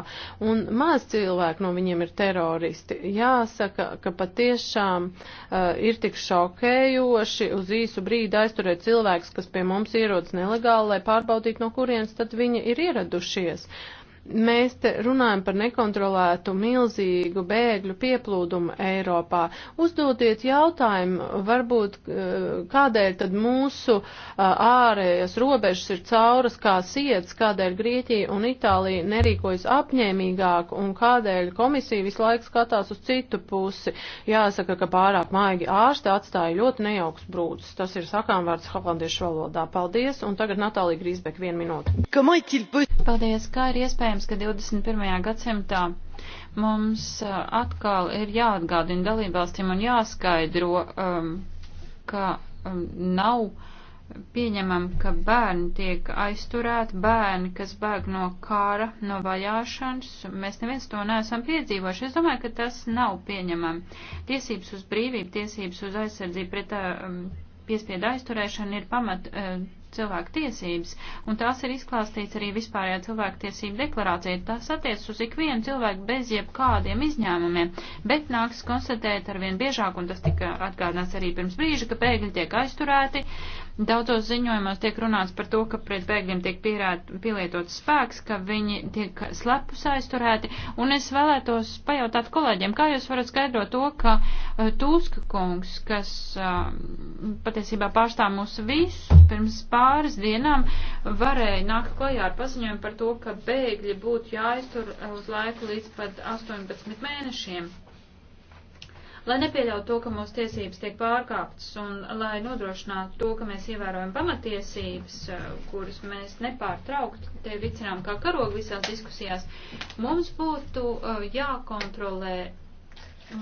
un maz cilvēku no viņiem ir teroristi. Jāsaka, ka patiešām uh, ir tik šokējoši uz īsu brīdi aizturēt cilvēkus, kas pie mums ierodas nelegāli, lai pārbaudītu, no kurienes tad viņi ir ieradušies. Uh, Mēs te runājam par nekontrolētu milzīgu bēgļu pieplūdumu Eiropā. Uzdodiet jautājumu, varbūt eh, kādēļ tad mūsu eh, ārējas robežas ir cauras kā siets, kādēļ Grieķija un Itālija nerīkojas apņēmīgāk un kādēļ komisija visu laiku skatās uz citu pusi. Jāsaka, ka pārāk maigi ārsti atstāja ļoti nejauks brūcis. Tas ir sakām vārds holandiešu valodā. Paldies, un tagad Natālija Grīsbek vienu minūti. Paldies, kā ir iespējams? iespējams, ka 21. gadsimtā mums atkal ir jāatgādina dalībvalstīm un jāskaidro, um, ka um, nav pieņemam, ka bērni tiek aizturēti, bērni, kas bēg no kāra, no vajāšanas. Mēs neviens to neesam piedzīvojuši. Es domāju, ka tas nav pieņemam. Tiesības uz brīvību, tiesības uz aizsardzību pret um, piespiedu aizturēšanu ir pamat. Um, cilvēku tiesības, un tās ir izklāstīts arī vispārējā cilvēku tiesību deklarācija. Tās attiecas uz ikvienu cilvēku bez jebkādiem izņēmumiem, bet nāks konstatēt arvien biežāk, un tas tika atgādināts arī pirms brīža, ka pēkļi tiek aizturēti, Daudzos ziņojumos tiek runāts par to, ka pret bēgļiem tiek pierēt, pielietots spēks, ka viņi tiek slepus aizturēti, un es vēlētos pajautāt kolēģiem, kā jūs varat skaidrot to, ka uh, eh, Tūska kungs, kas uh, patiesībā pārstāv mūs visus pirms pāris dienām, varēja nākt klajā ar paziņojumu par to, ka bēgļi būtu jāaiztur eh, uz laiku līdz pat 18 mēnešiem. Lai nepieļautu to, ka mūsu tiesības tiek pārkāptas un lai nodrošinātu to, ka mēs ievērojam pamatiesības, eh, kuras mēs nepārtraukti te vicinām kā karogu visās diskusijās, mums būtu eh, jākontrolē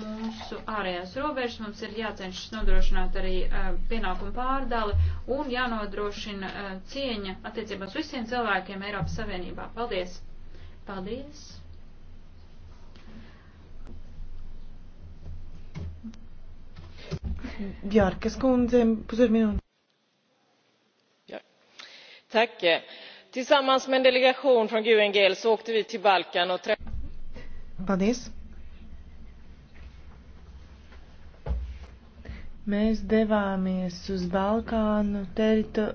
mūsu ārējās robežas, mums ir jācenšas nodrošināt arī uh, pienākumu pārdali un jānodrošina uh, cieņa attiecībās visiem cilvēkiem Eiropas Savienībā. Paldies! Paldies! Bjārkas kundze, pusotru minūti. Tack. Tillsammans med en delegation från GUNGL så åkte vi till Balkan och träffade... Paldies. Mēs devāmies uz Balkānu, terito,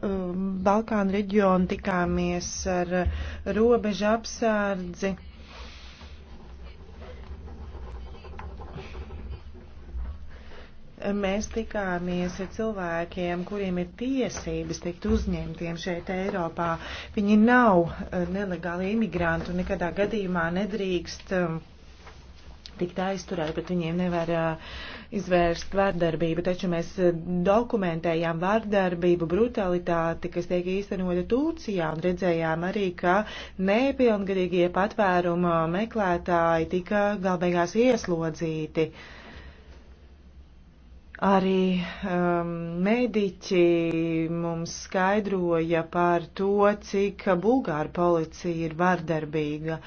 Balkānu reģionu, tikāmies ar robežu apsārdzi. mēs tikāmies ar cilvēkiem, kuriem ir tiesības tikt uzņemtiem šeit Eiropā. Viņi nav eh, nelegāli imigranti un nekadā gadījumā nedrīkst um, tikt aizturēt, bet viņiem nevar eh, izvērst vardarbību. Taču mēs eh, dokumentējām vardarbību, brutalitāti, kas tiek īstenota Turcijā, un redzējām arī, ka nepilngadīgie patvērumu meklētāji tika galbeigās ieslodzīti. Uh, Arī um, mediķi mums skaidroja par to, cik Bulgāra policija ir vardarbīga.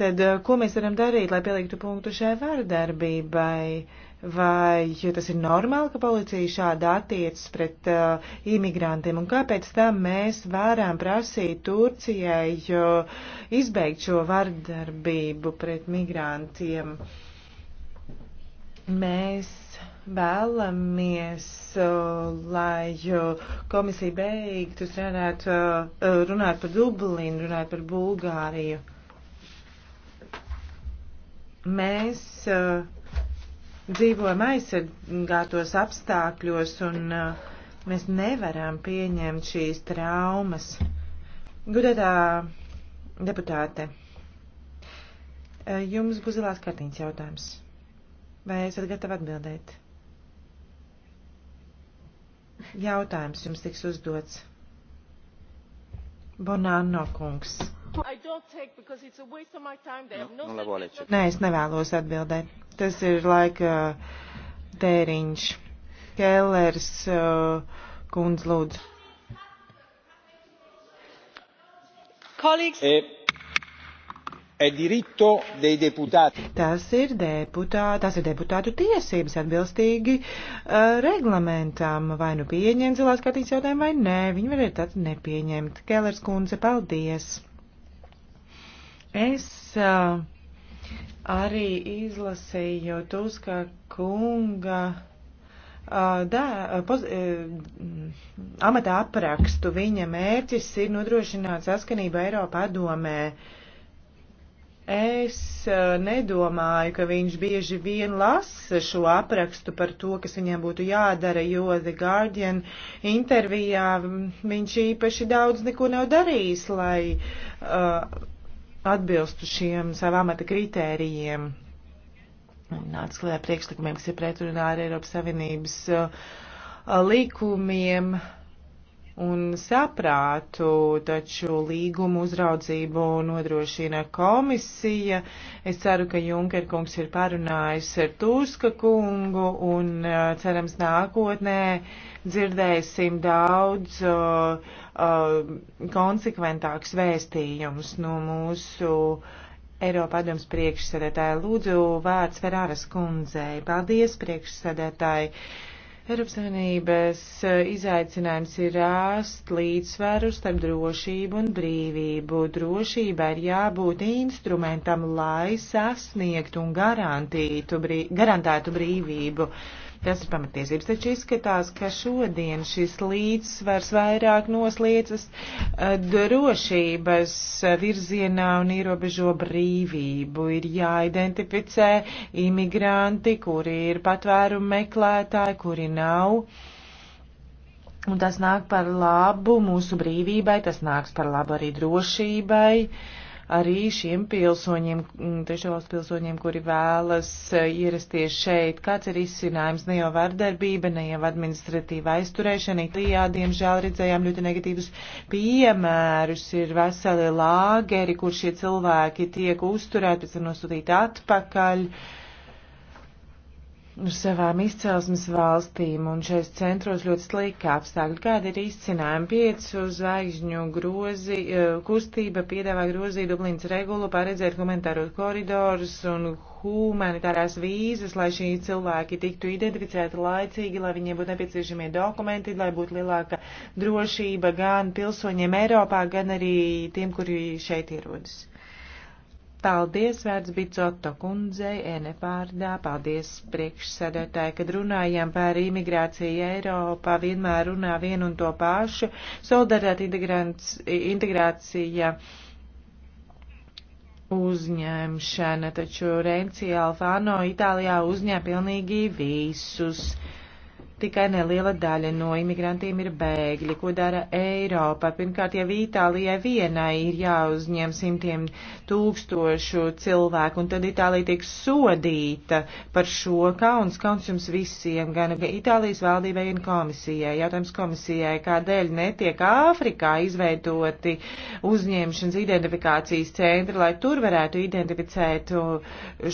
Tad, uh, ko mēs varam darīt, lai pieliktu punktu šai vardarbībai? Vai tas ir normāli, ka policija šādi attiecas pret uh, imigrantiem? Un kāpēc tam mēs varam prasīt Turcijai uh, izbeigt šo vardarbību pret migrantiem? Mēs vēlamies, lai komisija beigtu strādāt, runāt par Dublinu, runāt par Bulgāriju. Mēs dzīvojam aizsargātos apstākļos un mēs nevaram pieņemt šīs traumas. Gudētā deputāte, jums būs zilās kartiņas jautājums. Vai esat gatavi atbildēt? jautājums jums tiks uzdots. Bonanno kungs. Nu, no nu, Nē, es nevēlos atbildēt. Tas ir laika uh, tēriņš. Kēlers uh, kundz lūdzu. Kolīgs. E Tas ir, deputā, tas ir deputātu tiesības atbilstīgi uh, reglamentam. Vai nu pieņem zilās kartīņas jautājumu vai nē, viņi varēja tad nepieņemt. Kēlers kundze, paldies! Es uh, arī izlasīju Tuska kunga uh, dā, uh, poz, uh, amatā aprakstu viņa mērķis ir nodrošināt saskanību Eiropā domē. Es eh, nedomāju, ka viņš bieži vien lasa šo aprakstu par to, kas viņam būtu jādara, jo The Guardian intervijā viņš īpaši daudz neko nav darījis, lai uh, atbilstu šiem savām amata kritērijiem. Nāc klajā priekšlikumiem, kas ir pretrunā ar Eiropas Savienības uh, likumiem. Uh, un saprātu, taču līgumu uzraudzību nodrošina komisija. Es ceru, ka Junker kungs ir parunājis ar Tuska kungu un uh, cerams nākotnē dzirdēsim daudz uh, uh, konsekventāks vēstījums no mūsu Eiropadoms priekšsēdētāja. Lūdzu, vārds Ferāras kundzei. Paldies, priekšsēdētāji. Uh, Eiropas Savienības eh, izaicinājums ir rast līdzsvaru starp drošību un brīvību. Drošībai ir jābūt instrumentam, lai sasniegtu un brī, garantētu brīvību. Uh, Tas ir pamatiesības, taču izskatās, ka šodien šis līdzsvars vairāk nosliecas eh, drošības eh, virzienā un ierobežo brīvību. Ir jāidentificē imigranti, kuri ir patvērumu meklētāji, kuri nav. Un tas nāk par labu mūsu brīvībai, tas nāks par labu arī drošībai. Uh, arī šiem pilsoņiem, mm, trešvalstu pilsoņiem, kuri vēlas eh, ierasties šeit. Kāds ir izcinājums? Ne jau vardarbība, ne jau administratīva aizturēšana. Itālijā, diemžēl, redzējām ļoti negatīvus piemērus. Ir veseli lāgeri, kur šie cilvēki tiek uzturēti, pēc tam nosūtīti atpakaļ. Uh, uz savām izcelsmes valstīm, un šais centros ļoti slikti apstākļi. Kāda ir izcinājuma? Piecu zvaigžņu grozi, eh, kustība piedāvā grozīt Dublīnas regulu, paredzēt humanitāros koridorus un humanitārās vīzas, lai šī cilvēki tiktu identificēti laicīgi, lai viņiem būtu nepieciešamie dokumenti, lai būtu lielāka drošība gan pilsoņiem Eiropā, gan arī tiem, kuri šeit ierodas. Paldies, vērts Bicoto kundzei, Enepārdā, paldies priekšsēdētāji, kad runājam par imigrāciju Eiropā, vienmēr runā vienu un to pašu. Solidaritāte integrācija uzņemšana, taču Renci Alfano Itālijā uzņēma pilnīgi visus. Uh, Tikai neliela daļa no imigrantiem ir bēgļi. Ko dara Eiropa? Pirmkārt, jau Itālijai vienai ir jāuzņem simtiem tūkstošu cilvēku, un tad Itālija tiek sodīta par šo kauns. Kauns jums visiem, gan Itālijas valdībai, gan komisijai. Jautājums komisijai, kādēļ netiek Āfrikā izveidoti uzņemšanas identifikācijas centri, lai tur varētu identificēt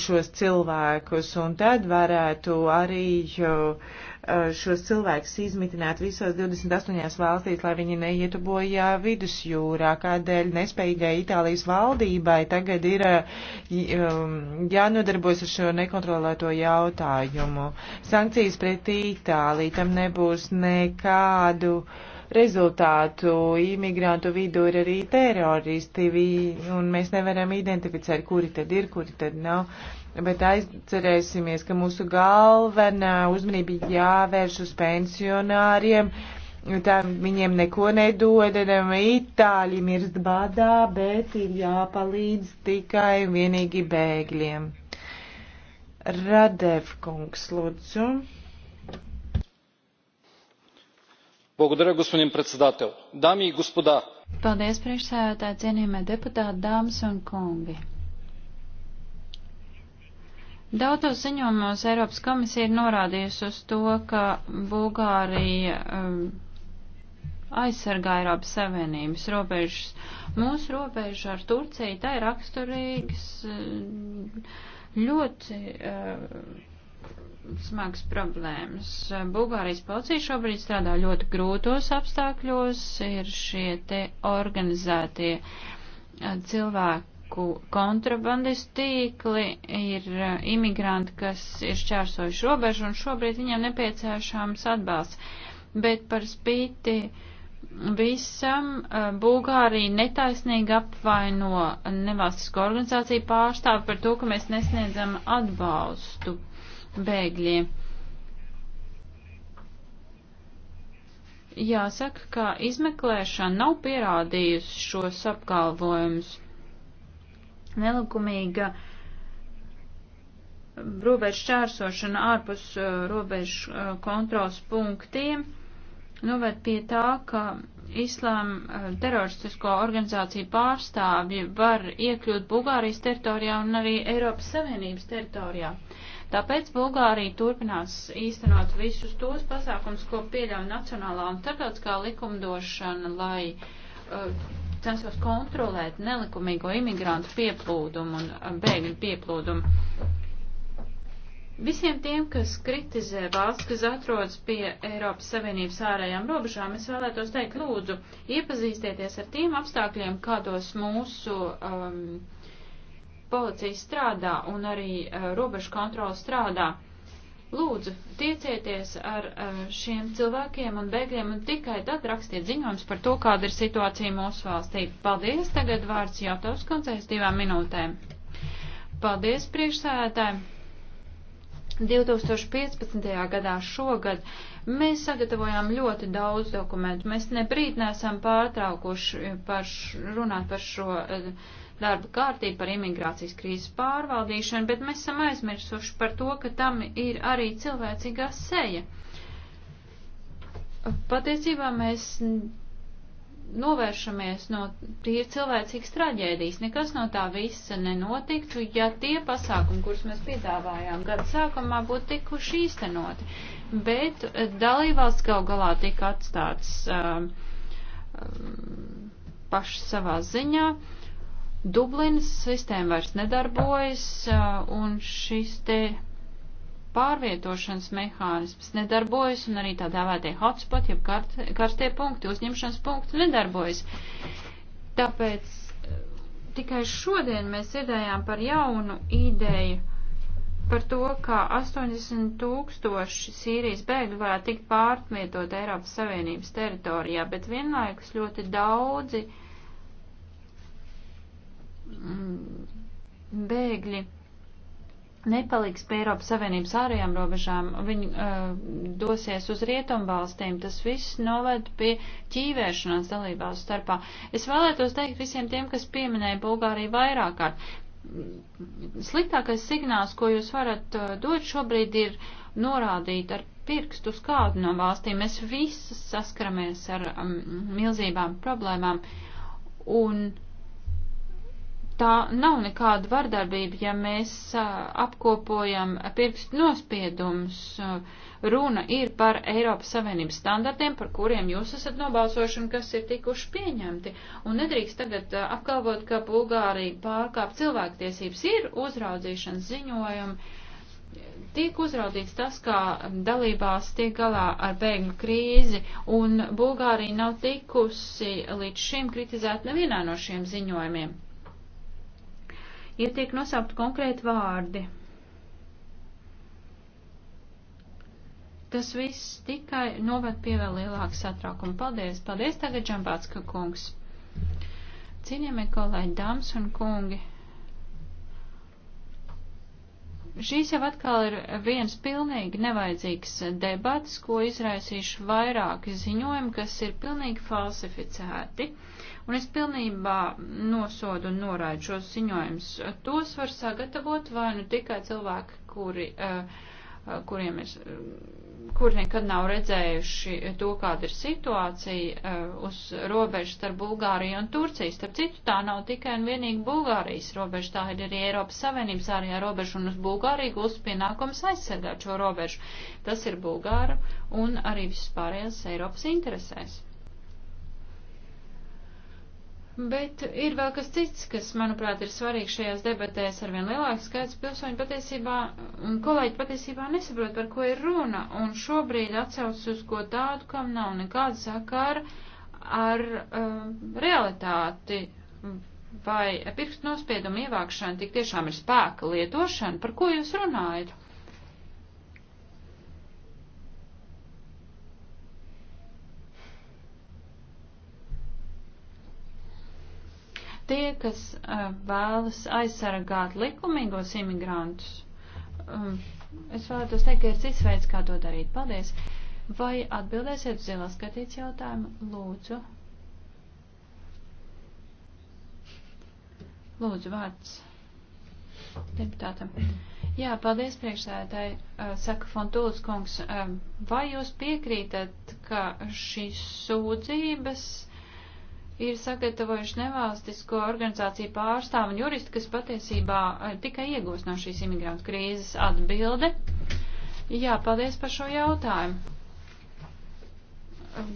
šos cilvēkus, un tad varētu arī. Uh, Uh, šos cilvēkus izmitināt visos 28 valstīs, lai viņi neietu bojā vidusjūrā, kādēļ nespējīgai Itālijas valdībai tagad ir uh, um, jānodarbojas ar šo nekontrolēto jautājumu. Sankcijas pret Itāliju tam nebūs nekādu rezultātu. Imigrantu vidū ir arī teroristi, un mēs nevaram identificēt, kuri tad ir, kuri tad nav bet aizcerēsimies, ka mūsu galvenā uzmanība jāvērš uz pensionāriem. Tā viņiem neko nedod, itāļi mirst badā, bet ir jāpalīdz tikai un vienīgi bēgļiem. Radevkungs, lūdzu. Благодаря, господин председател. Дами и господа. Paldies, priekšsēdētāji, cienījamie deputāti, dāmas un kungi. Daudzos ziņojumos Eiropas komisija ir norādījusi uz to, ka Bulgārija um, aizsargā Eiropas Savienības robežas. Mūsu robeža ar Turciju tā ir raksturīgs um, ļoti uh, um, smags problēmas. Bulgārijas policija šobrīd strādā ļoti grūtos apstākļos, ir šie te organizētie uh, cilvēki narkotiku kontrabandas tīkli, ir e, imigranti, kas ir šķērsojuši robežu, un šobrīd viņiem nepieciešams atbalsts. Bet par spīti visam e, Bulgārija netaisnīgi apvaino nevalstisko organizāciju pārstāvi par to, ka mēs nesniedzam atbalstu bēgļiem. Jāsaka, ka izmeklēšana nav pierādījusi šos apgalvojumus nelikumīga robežu šķērsošana ārpus uh, robežu uh, kontrols punktiem noved pie tā, ka islām uh, teroristisko organizāciju pārstāvji var iekļūt Bulgārijas teritorijā un arī Eiropas Savienības teritorijā. Tāpēc Bulgārija turpinās īstenot visus tos pasākums, ko pieļauj nacionālā un starptautiskā likumdošana, lai uh, censos kontrolēt nelikumīgo imigrantu pieplūdumu un uh, bēgļu pieplūdumu. Visiem tiem, kas kritizē valsts, kas atrodas pie Eiropas Savienības ārējām robežām, es vēlētos teikt, lūdzu, iepazīstieties ar tiem apstākļiem, kādos mūsu um, policija strādā un arī uh, robežu kontrola strādā. Lūdzu, tiecieties ar eh, šiem cilvēkiem un bēgļiem un tikai tad rakstiet ziņojums par to, kāda ir situācija mūsu valstī. Paldies, tagad vārds Jotovs koncēs divām minūtēm. Paldies, priekšsēdētāji. 2015. gadā šogad mēs sagatavojām ļoti daudz dokumentu. Mēs nebrīd neesam pārtraukuši par š, runāt par šo. Uh, darba kārtību par imigrācijas krīzes pārvaldīšanu, bet mēs esam aizmirsuši par to, ka tam ir arī cilvēcīgā seja. Patiesībā mēs novēršamies no tīri cilvēcīgas traģēdijas. Nekas no tā visa nenotiktu, ja tie pasākumi, kurus mēs piedāvājām gada sākumā, būtu tikuši īstenoti. Bet eh, dalībvalsts gal galā tika atstāts um, eh, eh, paši savā ziņā. Uh, Dublinas sistēma vairs nedarbojas, un šis te pārvietošanas mehānisms nedarbojas, un arī tā dēvētie hotspot, jeb karstie punkti, uzņemšanas punkti nedarbojas. Tāpēc tikai šodien mēs dzirdējām par jaunu ideju par to, kā 80 tūkstoši Sīrijas bēgļu varētu tikt pārvietot Eiropas Savienības teritorijā, bet vienlaikus ļoti daudzi uh, Mm, bēgļi nepaliks pie Eiropas Savienības ārējām robežām, viņi uh, dosies uz rietumvalstīm, tas viss noved pie ķīvēšanās dalībās starpā. Es vēlētos teikt visiem tiem, kas pieminēja Bulgāriju vairākārt. Sliktākais signāls, ko jūs varat uh, dot šobrīd, ir norādīt ar pirkstu uz kādu no valstīm. Mēs visas saskaramies ar um, milzībām problēmām. Un tā nav nekāda vardarbība, ja mēs apkopojam pirkstu nospiedumus. Runa ir par Eiropas Savienības standartiem, par kuriem jūs esat nobalsojuši un kas ir tikuši pieņemti. Un nedrīkst tagad apgalvot, ka Bulgārija pārkāp cilvēktiesības. Ir uzraudzīšanas ziņojumi, tiek uzraudzīts tas, kā dalībās tiek galā ar bēgļu krīzi, un Bulgārija nav tikusi līdz šim kritizēta nevienā no šiem ziņojumiem ja tiek nosaukt konkrēti vārdi. Tas viss tikai novad pie vēl lielāka satraukuma. Paldies! Paldies tagad, Džambātska kungs! Cienījamie kolēģi, dāmas un kungi! Šīs jau atkal ir viens pilnīgi nevajadzīgs debats, ko izraisīšu vairāki ziņojumi, kas ir pilnīgi falsificēti. Uh, Un es pilnībā nosodu un noraidu šos ziņojumus. Tos var sagatavot vai nu tikai cilvēki, kuri, eh, eh, kuriem ir, eh, kuri nekad nav redzējuši to, kāda ir situācija uz robežas starp Bulgāriju un Turciju. Starp citu, tā nav tikai un vienīgi Bulgārijas robeža, tā ir arī Eiropas Savienības ārējā robeža, un uz Bulgāriju gulst pienākums aizsargāt šo robežu. Tas ir Bulgāra un arī vispārējās Eiropas interesēs. Bet ir vēl kas cits, kas, manuprāt, ir svarīgs šajās debatēs ar vien lielāku skaits pilsoņu patiesībā un kolēģi patiesībā nesaprot, par ko ir runa, un šobrīd atsauc uz ko tādu, kam nav nekāda sakara ar um, realitāti vai pirkstu nospiedumu ievākšanu, tik tiešām ir spēka lietošana, par ko jūs runājat? Tie, kas uh, vēlas aizsargāt likumīgos imigrantus, um, es vēlētos teikt, ka ir cits veids, kā to darīt. Paldies! Vai atbildēsiet uz zilās skatīts jautājumu? Lūdzu. Lūdzu, vārds deputātam. Jā, paldies priekšsēdētāji, eh, saka Fontūlis kungs. Eh, vai jūs piekrītat, ka šīs sūdzības ir sagatavojuši nevalstisko organizāciju pārstāvu un juristi, kas patiesībā eh, tikai iegūs no šīs imigrantu krīzes atbildi. Jā, paldies par šo jautājumu. Um,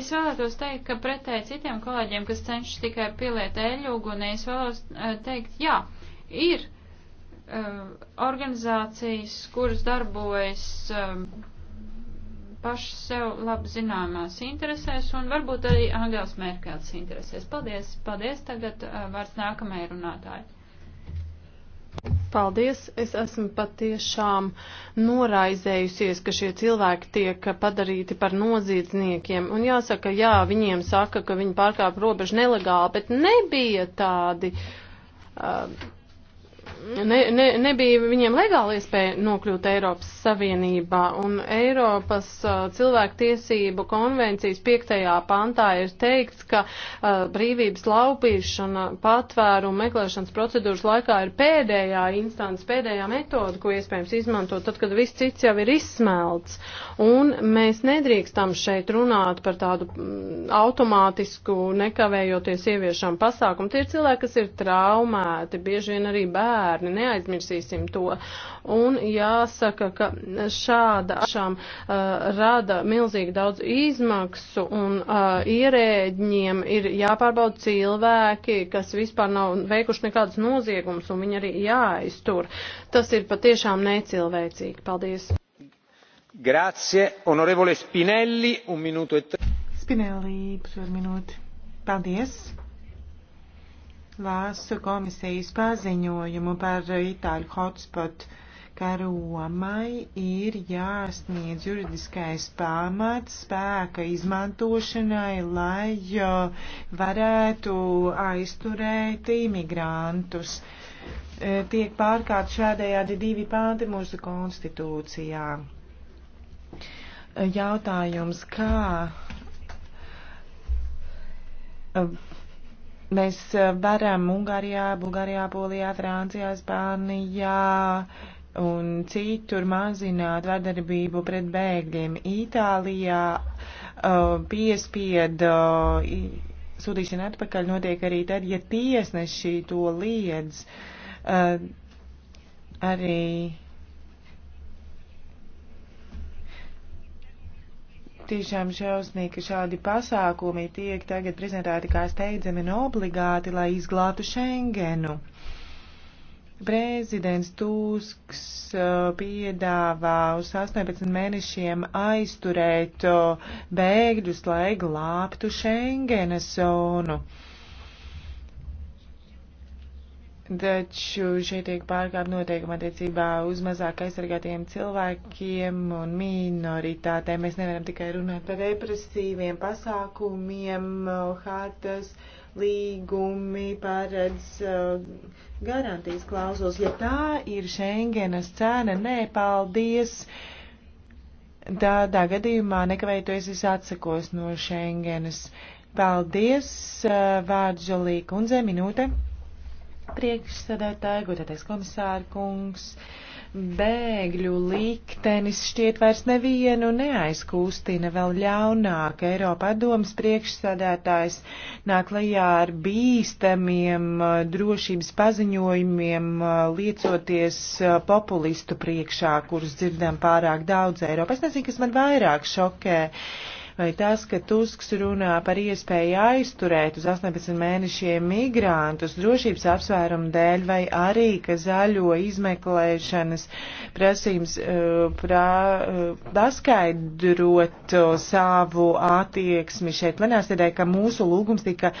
es vēlētos teikt, ka pretēji citiem kolēģiem, kas cenšas tikai piliet eļūgu, un es vēlos eh, teikt, jā, ir eh, organizācijas, kuras darbojas um, paši sev labi zināmās interesēs un varbūt arī Angels Merkels interesēs. Paldies, paldies, tagad uh, vārds nākamajai runātāji. Paldies! Es esmu patiešām noraizējusies, ka šie cilvēki tiek padarīti par noziedzniekiem. Un jāsaka, jā, viņiem saka, ka viņi pārkāp robežu nelegāli, bet nebija tādi. Uh, ne, ne, nebija viņiem legāli iespēja nokļūt Eiropas Savienībā, un Eiropas uh, cilvēktiesību konvencijas piektajā pantā ir teikts, ka uh, brīvības laupīšana patvērumu meklēšanas procedūras laikā ir pēdējā instants, pēdējā metoda, ko iespējams izmantot, tad, kad viss cits jau ir izsmelts. Un mēs nedrīkstam šeit runāt par tādu mm, automātisku nekavējoties ieviešanu pasākumu. Tie ir cilvēki, kas ir traumēti, bieži vien arī bērni bērni, neaizmirsīsim to. Un jāsaka, ka šāda šām uh, rada milzīgi daudz izmaksu un uh, ierēģiem ir jāpārbauda cilvēki, kas vispār nav veikuši nekādus noziegumus un viņi arī jāaiztur. Tas ir patiešām necilvēcīgi. Paldies! Grazie, onorevole Spinelli, un e minūte. Spinelli, pusotru minūti. Paldies! Lāsu komisijas paziņojumu par Itāļu hotspot, ka Romai ir jāsniedz juridiskais pamats spēka izmantošanai, lai varētu aizturēt imigrantus. E, tiek pārkārt šādējādi divi pānti mūsu konstitūcijā. E, jautājums, kā e, Mēs eh, varam Ungārijā, Bulgārijā, Polijā, Francijā, Spānijā un citur mazināt vardarbību pret bēgļiem. Itālijā uh, eh, piespieda uh, eh, sūtīšana atpakaļ notiek arī tad, ja tiesneši to liedz. Uh, arī Tiešām šausmīgi, ka šādi pasākumi tiek tagad prezentēti kā steidzami un obligāti, lai izglābtu Schengenu. Prezidents Tusks uh, piedāvā uz 18 mēnešiem aizturēt uh, bēgļus, lai glābtu Schengenas zonu. No Taču šeit tiek pārkāpta noteikuma attiecībā uz mazāk aizsargātiem cilvēkiem un minoritātēm. Mēs nevaram tikai runāt par represīviem pasākumiem, hartas līgumi paredz uh, garantijas klauzulas. Ja tā ir Schengenas cena, nē, paldies! Tādā gadījumā nekavējoties es atsakos no Schengenas. Paldies, uh, Vārds Žolī kundze, minūte priekšsēdētāji, godētais komisāra kungs. Bēgļu liktenis šķiet vairs nevienu neaizkūstina vēl ļaunāk. Eiropā domas priekšsādātājs nāk lajā ar bīstamiem uh, drošības paziņojumiem, uh, liecoties uh, populistu priekšā, kurus dzirdam pārāk daudz Eiropā. Es nezinu, kas man vairāk šokē vai tas, ka Tusks runā par iespēju aizturēt uz 18 mēnešiem migrantus drošības apsvērumu dēļ, vai arī, ka zaļo izmeklēšanas prasījums uh, prā, uh, paskaidrot savu attieksmi šeit plenārsēdē, ka mūsu lūgums tika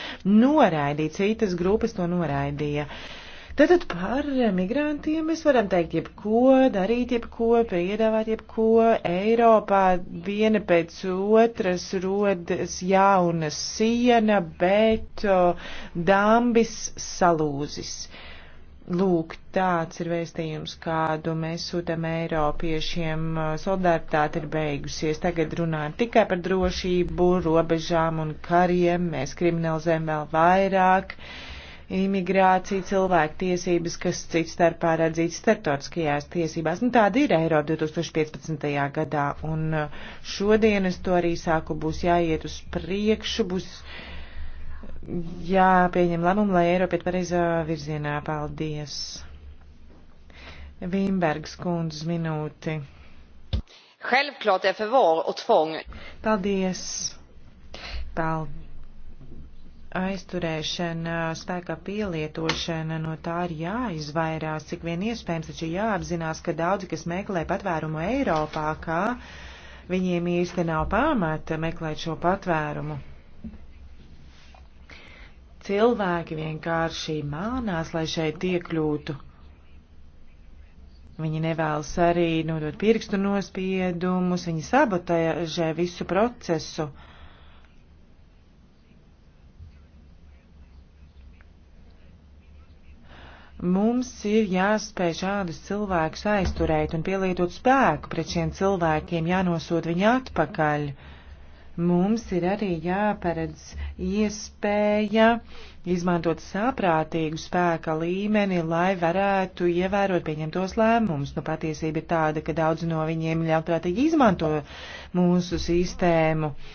noraidīts, citas grupas to noraidīja. Uh, Tātad par migrantiem mēs varam teikt jebko, darīt jebko, piedāvāt jebko. Eiropā viena pēc otras rodas jauna siena, bet dambis salūzis. Lūk, tāds ir vēstījums, kādu mēs sūtam Eiropiešiem. Solidaritāte ir beigusies. Tagad runājam tikai par drošību, robežām un kariem. Mēs kriminalizējam vēl vairāk. Uh, imigrācija, cilvēktiesības, kas cits starpā redzīts starptautiskajās tiesībās. Nu, tāda ir Eiropa 2015. gadā, un uh, šodien es to arī sāku, būs jāiet uz priekšu, būs jāpieņem lēmumu, lai Eiropa iet pareizā virzienā. Paldies! Vimbergs kundz minūti. Självklart är förvar och tvång. Paldies. Paldies aizturēšana, spēkā pielietošana, no tā ir jāizvairās, cik vien iespējams, taču jāapzinās, ka daudzi, kas meklē patvērumu Eiropā, kā viņiem īsti nav pamata meklēt šo patvērumu. Cilvēki vienkārši mānās, lai šeit iekļūtu. Viņi nevēlas arī nodot pirkstu nospiedumus, viņi sabotē visu procesu. Uh, Mums ir jāspēj šādus cilvēkus aizturēt un pielietot spēku pret šiem cilvēkiem, jānosod viņi atpakaļ. Mums ir arī jāparedz iespēja izmantot saprātīgu spēka līmeni, lai varētu ievērot pieņemtos lēmumus. Nu, patiesība ir tāda, ka daudz no viņiem ļautprātīgi izmanto mūsu sistēmu. Uh,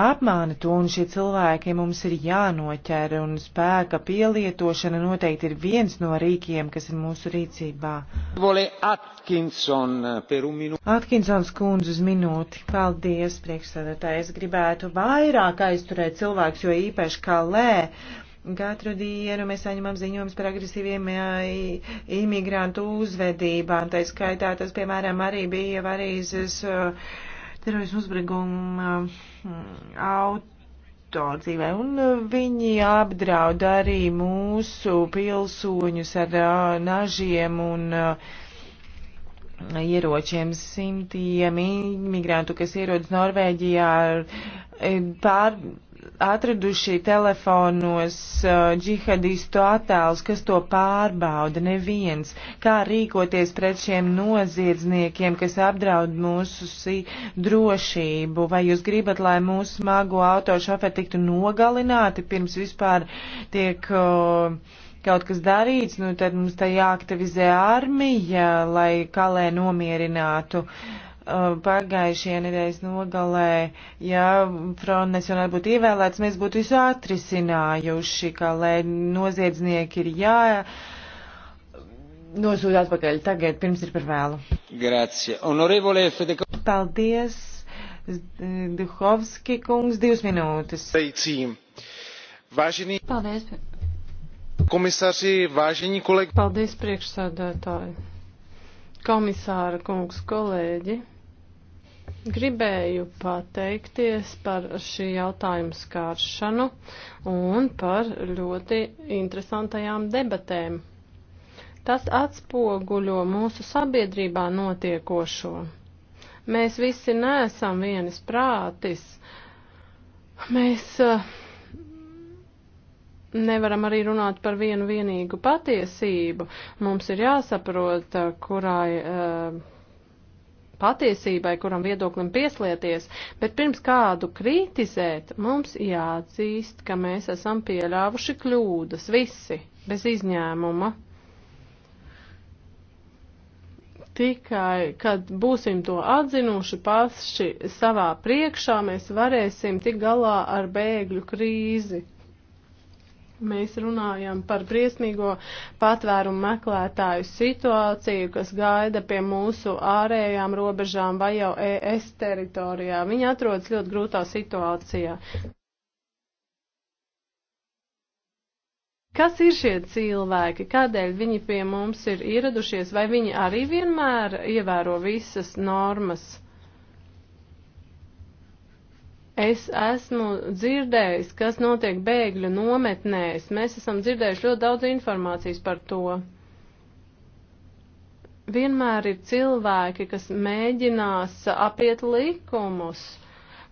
apmāna to, un šie cilvēki mums ir jānoķer, un spēka pielietošana noteikti ir viens no rīkiem, kas ir mūsu rīcībā. Atkinson, Atkinsons kundze uz minūti. Paldies, priekšsēdētāji. Es gribētu vairāk aizturēt cilvēks, jo īpaši kā lē. Katru dienu mēs saņemam ziņojumus par agresīviem imigrantu uzvedībām. Tā skaitā tas, piemēram, arī bija varīzes. Uh, terorismu uzbrukuma mm, autori dzīvē, un eh, viņi apdraud arī mūsu pilsoņus ar eh, nažiem un eh, ieročiem simtiem imigrantu, kas ierodas Norvēģijā, pār, atraduši telefonos eh, džihadistu attēlus, kas to pārbauda, neviens, kā rīkoties pret šiem noziedzniekiem, kas apdraud mūsu drošību, vai jūs gribat, lai mūsu smago autošoferi tiktu nogalināti pirms vispār tiek uh, kaut kas darīts, nu tad mums tā jāaktivizē armija, lai kalē nomierinātu. Uh, Uh, pagājušajā nedēļas nogalē, ja Front National būtu ievēlēts, mēs būtu visu atrisinājuši, ka lai noziedznieki ir jā. Nosūtāt pakaļ tagad, pirms ir par vēlu. Grazie. Honorevole Fedeko. Paldies, Duhovski kungs, divas minūtes. Teicīm. Vážení. Paldies. Komisāri, vážení kolēģi. Paldies, priekšsēdētāji. Komisāra kungs, kolēģi. Gribēju pateikties par šī jautājuma skāršanu un par ļoti interesantajām debatēm. Tas atspoguļo mūsu sabiedrībā notiekošo. Mēs visi neesam vienis prātis. Mēs uh, nevaram arī runāt par vienu vienīgu patiesību. Mums ir jāsaprot, eh, kurai. Uh, patiesībai, kuram viedoklim pieslieties, bet pirms kādu kritizēt, mums jāatzīst, ka mēs esam pieļāvuši kļūdas visi, bez izņēmuma. Tikai, kad būsim to atzinuši paši savā priekšā, mēs varēsim tik galā ar bēgļu krīzi. Mēs runājam par briesmīgo patvērumu meklētāju situāciju, kas gaida pie mūsu ārējām robežām vai jau ES teritorijā. Viņi atrodas ļoti grūtā situācijā. Kas ir šie cilvēki? Kādēļ viņi pie mums ir ieradušies? Vai viņi arī vienmēr ievēro visas normas? Es esmu dzirdējis, kas notiek bēgļu nometnēs. Mēs esam dzirdējuši ļoti daudz informācijas par to. Vienmēr ir cilvēki, kas mēģinās apiet likumus,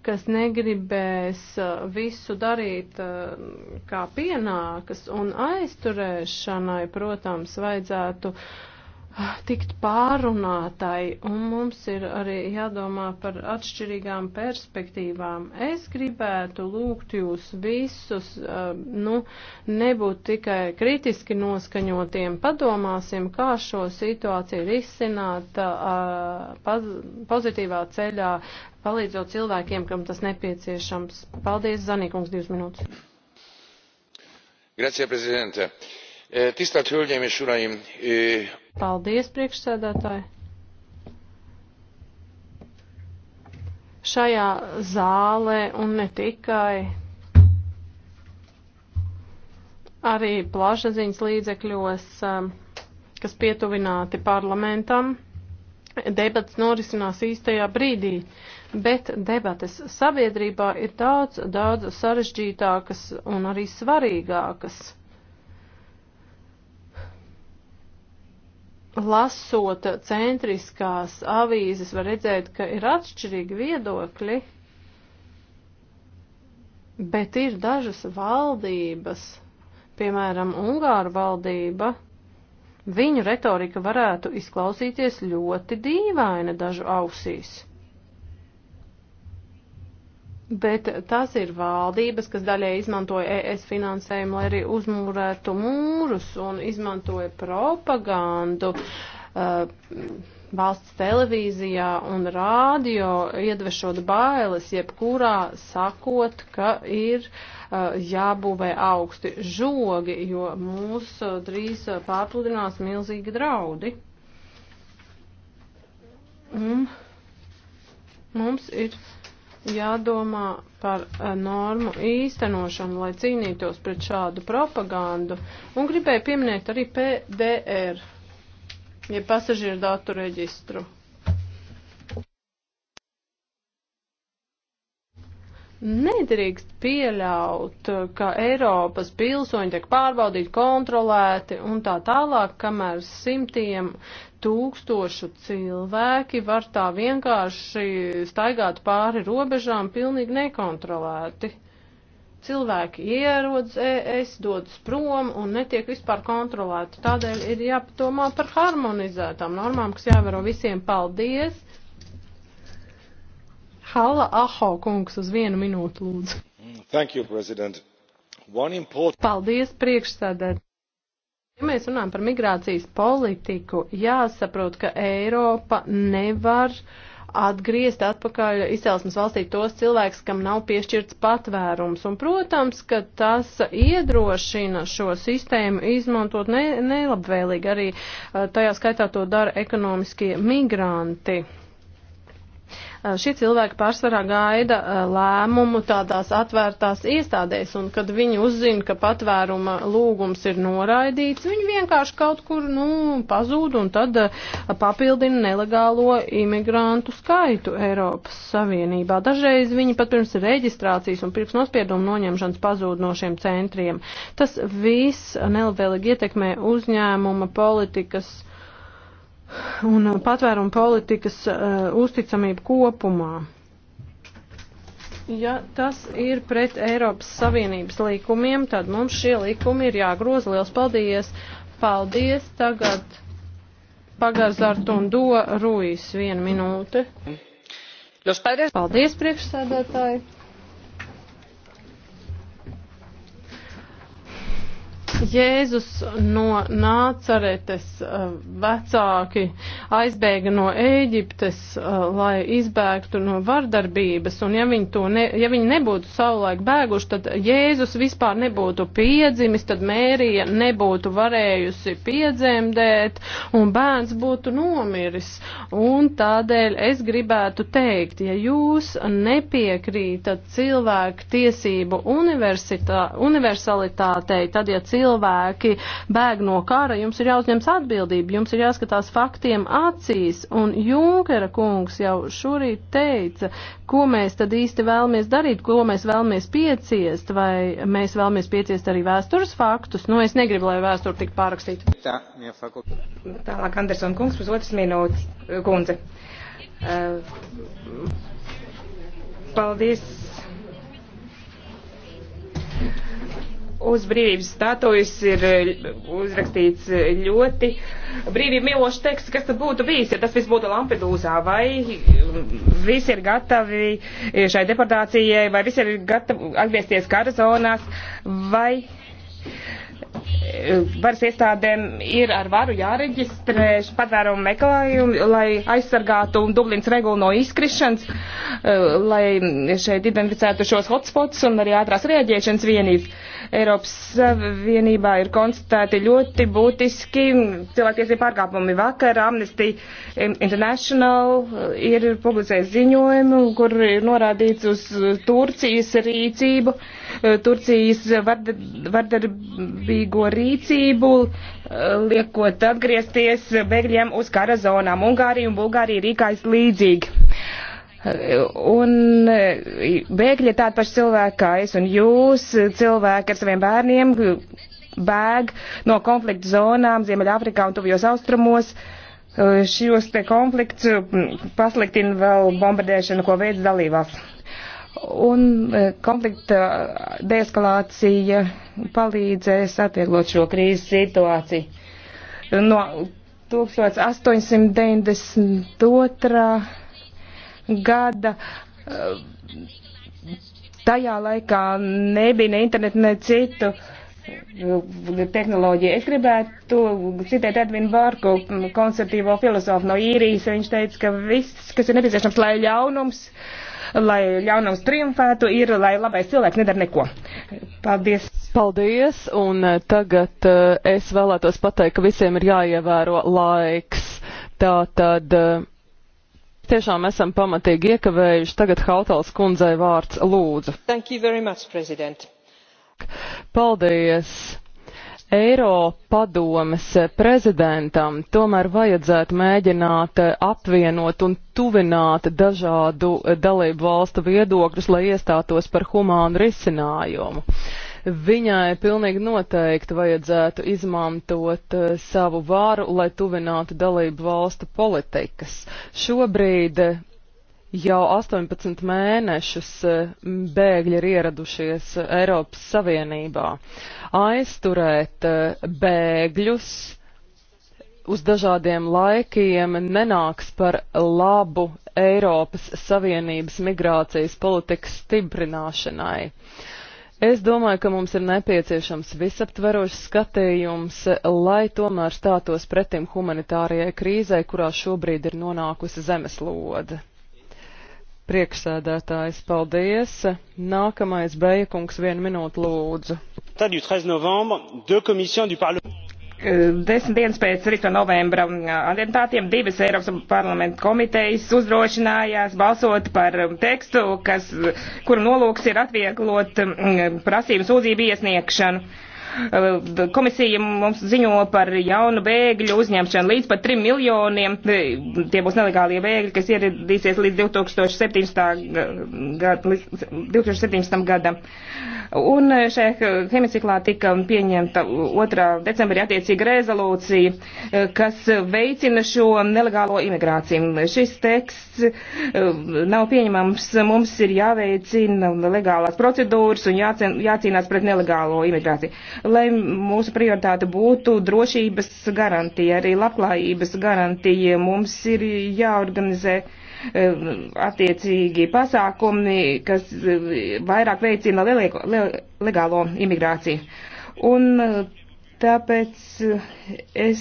kas negribēs uh, visu darīt uh, kā pienākas, un aizturēšanai, protams, vajadzētu uh, tikt pārunātai, un mums ir arī jādomā par atšķirīgām perspektīvām. Es gribētu lūgt jūs visus, eh, nu, nebūt tikai kritiski noskaņotiem, padomāsim, kā šo situāciju risināt eh, pozitīvā ceļā, palīdzot cilvēkiem, kam tas nepieciešams. Paldies, Zanīkungs, divas minūtes. Grazie, prezidente eh, tisztelt hölgyeim és uraim! Paldies, priekšsēdētāji! Šajā zālē un ne tikai arī plašsaziņas līdzekļos, um, kas pietuvināti parlamentam, debats norisinās īstajā brīdī, bet debates sabiedrībā ir daudz, daudz sarežģītākas un arī svarīgākas. lasot centriskās avīzes, var redzēt, ka ir atšķirīgi viedokļi, bet ir dažas valdības, piemēram, Ungāra valdība, viņu retorika varētu izklausīties ļoti dīvaina dažu ausīs. Bet tas ir valdības, kas daļai izmantoja ES finansējumu, lai arī uzmūrētu mūrus un izmantoja propagandu. Uh, valsts televīzijā un rādio iedvešot bailes, jebkurā sakot, ka ir uh, jābūvē augsti žogi, jo mūs uh, drīz pārpludinās milzīgi draudi. Un mums ir jādomā par eh, normu īstenošanu, lai cīnītos pret šādu propagandu. Un gribēju pieminēt arī PDR, ja pasažieru datu reģistru. Nedrīkst pieļaut, ka Eiropas pilsoņi tiek pārbaudīti, kontrolēti un tā tālāk, kamēr simtiem tūkstošu cilvēki var tā vienkārši staigāt pāri robežām pilnīgi nekontrolēti. Cilvēki ierodas ES, dodas prom un netiek vispār kontrolēti. Tādēļ ir jāpadomā par harmonizētām normām, kas jāvēro visiem. Paldies! Hala Aho kungs uz vienu minūtu lūdzu. Thank you, President. One important... Paldies, priekšsēdētāji! Ja mēs runājam par migrācijas politiku, jāsaprot, ka Eiropa nevar atgriezt atpakaļ izcelsmes valstī tos cilvēkus, kam nav piešķirts patvērums. Un, protams, ka tas iedrošina šo sistēmu izmantot ne, nelabvēlīgi. Arī eh, tajā skaitā to dara ekonomiskie migranti. Eh, šie cilvēki pārsvarā gaida eh, lēmumu tādās atvērtās iestādēs, un kad viņi uzzina, ka patvēruma lūgums ir noraidīts, viņi vienkārši kaut kur nu, pazūd un tad eh, papildina nelegālo imigrantu skaitu Eiropas Savienībā. Dažreiz viņi pat pirms reģistrācijas un pirms nospiedumu noņemšanas pazūd no šiem centriem. Tas viss nelabvēlīgi ietekmē uzņēmuma politikas un patvērumu politikas uh, uzticamību kopumā. Ja tas ir pret Eiropas Savienības likumiem, tad mums šie likumi ir jāgroza. Liels paldies! Paldies! Tagad pagazart un do Ruijas vienu minūte. Paldies, priekšsēdētāji! Jēzus no Nācaretes eh, vecāki aizbēga no Ēģiptes, eh, lai izbēgtu no vardarbības, un ja viņi, to ne, ja viņi nebūtu savulaik bēguši, tad Jēzus vispār nebūtu piedzimis, tad Mērija nebūtu varējusi piedzemdēt, un bērns būtu nomiris. Un tādēļ es gribētu teikt, ja jūs nepiekrītat cilvēku tiesību universitātei, tad ja cilvēki cilvēki bēg no kara, jums ir jāuzņems atbildība, jums ir jāskatās faktiem acīs. Un Junkera kungs jau šorīt teica, ko mēs tad īsti vēlamies darīt, ko mēs vēlamies pieciest, vai mēs vēlamies pieciest arī vēstures faktus. Nu, es negribu, lai vēsture tik pārrakstīta. Tā, jā, Tālāk Andersona kungs, pusotras minūtes, kundze. Eh, paldies uz brīvības statujas ir eh, uzrakstīts eh, ļoti brīvību mīlošs teksts, kas tad būtu bijis, ja tas viss būtu Lampedūzā, vai mm, visi ir gatavi eh, šai deportācijai, vai visi ir gatavi atgriezties kara zonās, vai varas iestādēm ir ar varu jāreģistrē patvērumu meklējumu, lai aizsargātu Dublins regulu no izkrišanas, lai šeit identificētu šos hotspots un arī ātrās rēģēšanas vienības. Eiropas Savienībā ir konstatēti ļoti būtiski cilvēktiesību pārkāpumi. Vakar Amnesty International eh, ir publicējis ziņojumu, kur ir norādīts uz Turcijas rīcību, eh, Turcijas vardarbīgo rīcību, eh, liekot atgriezties bēgļiem uz kara zonām. Ungārija un Bulgārija rīkājas līdzīgi. Un eh, bēgļi ir tādi paši cilvēki kā es un jūs, cilvēki ar saviem bērniem bēg no konflikta zonām Ziemeļāfrikā un Tuvijos austrumos. Eh, šos te konflikts mm, pasliktina vēl bombardēšanu, ko veids dalībās. Un eh, konflikta deeskalācija palīdzēs atvieglot šo krīzes situāciju. No 1892 gada. Eh, tajā laikā nebija ne internetu, ne citu eh, tehnoloģiju. Es gribētu citēt Edvinu Vārku, konservatīvo filozofu no īrijas. Viņš teica, ka viss, kas ir nepieciešams, lai ļaunums, lai ļaunums triumfētu, ir, lai labais cilvēks nedara neko. Paldies! Paldies! Un eh, tagad es vēlētos pateikt, ka visiem ir jāievēro laiks. Tātad. Tiešām esam pamatīgi iekavējuši. Tagad Hautals kundzei vārds lūdzu. Thank you very much, President. Paldies. Eiropadomes prezidentam tomēr vajadzētu mēģināt apvienot un tuvināt dažādu dalību valstu viedokļus, lai iestātos par humānu risinājumu. Uh, Viņai pilnīgi noteikti vajadzētu izmantot eh, savu vāru, lai tuvinātu dalību valstu politikas. Šobrīd jau 18 mēnešus eh, bēgļi ir ieradušies eh, Eiropas Savienībā. Aizturēt bēgļus uz dažādiem laikiem nenāks par labu Eiropas Savienības migrācijas politikas stiprināšanai. Uh, Es domāju, ka mums ir nepieciešams visaptverošs skatījums, lai tomēr stātos pretim humanitārajai krīzai, kurā šobrīd ir nonākusi zemeslode. Priekšsēdētājs, paldies. Nākamais Beja kungs, vienu minūtu lūdzu. Desmit dienas pēc rīta novembra um, atentātiem divas Eiropas parlamenta komitejas uzdrošinājās balsot par um, tekstu, kas, kuru nolūks ir atvieglot um, prasību sūdzību iesniegšanu. Komisija mums ziņo par jaunu bēgļu uzņemšanu līdz pat 3 miljoniem. Tie būs nelegālie bēgļi, kas ieradīsies līdz 2017. Gad, 2017. gadam. Un šajā hemiciklā tika pieņemta 2. decembrī attiecīga rezolūcija, kas veicina šo nelegālo imigrāciju. Šis teksts eh, nav pieņemams. Mums ir jāveicina legālās procedūras un jācīnās pret nelegālo imigrāciju lai mūsu prioritāte būtu drošības garantija, arī labklājības garantija. Mums ir jāorganizē e, attiecīgi pasākumi, kas e, vairāk veicina legālo imigrāciju. Un e, Tāpēc es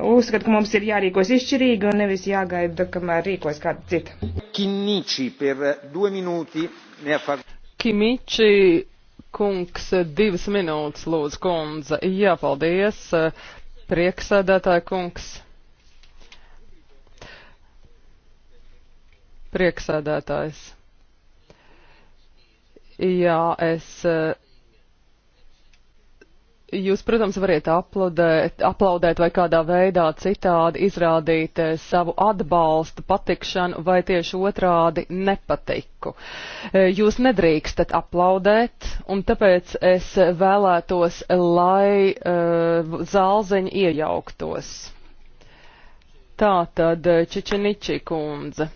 uzskatu, ka mums ir jārīkos izšķirīgi un nevis jāgaida, kamēr rīkos kāda cita. Kiniči, per divi minūti. Kimiči Kungs, divas minūtes, lūdzu, kundze. Jā, paldies, prieksēdētāja kungs. Prieksēdētājs. Jā, es jūs, protams, variet aplaudēt, aplaudēt vai kādā veidā citādi izrādīt eh, savu atbalstu, patikšanu vai tieši otrādi nepatiku. Eh, jūs nedrīkstat aplaudēt, un tāpēc es vēlētos, lai uh, zālzeņi iejauktos. Tā tad eh, Čečeniči kundze.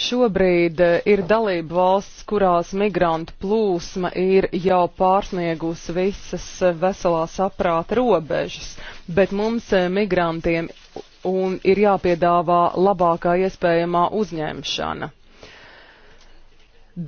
Šobrīd eh, ir dalība valsts, kurās migrantu plūsma ir jau pārsniegusi visas veselā saprāta robežas, bet mums migrantiem un ir jāpiedāvā labākā iespējamā uzņemšana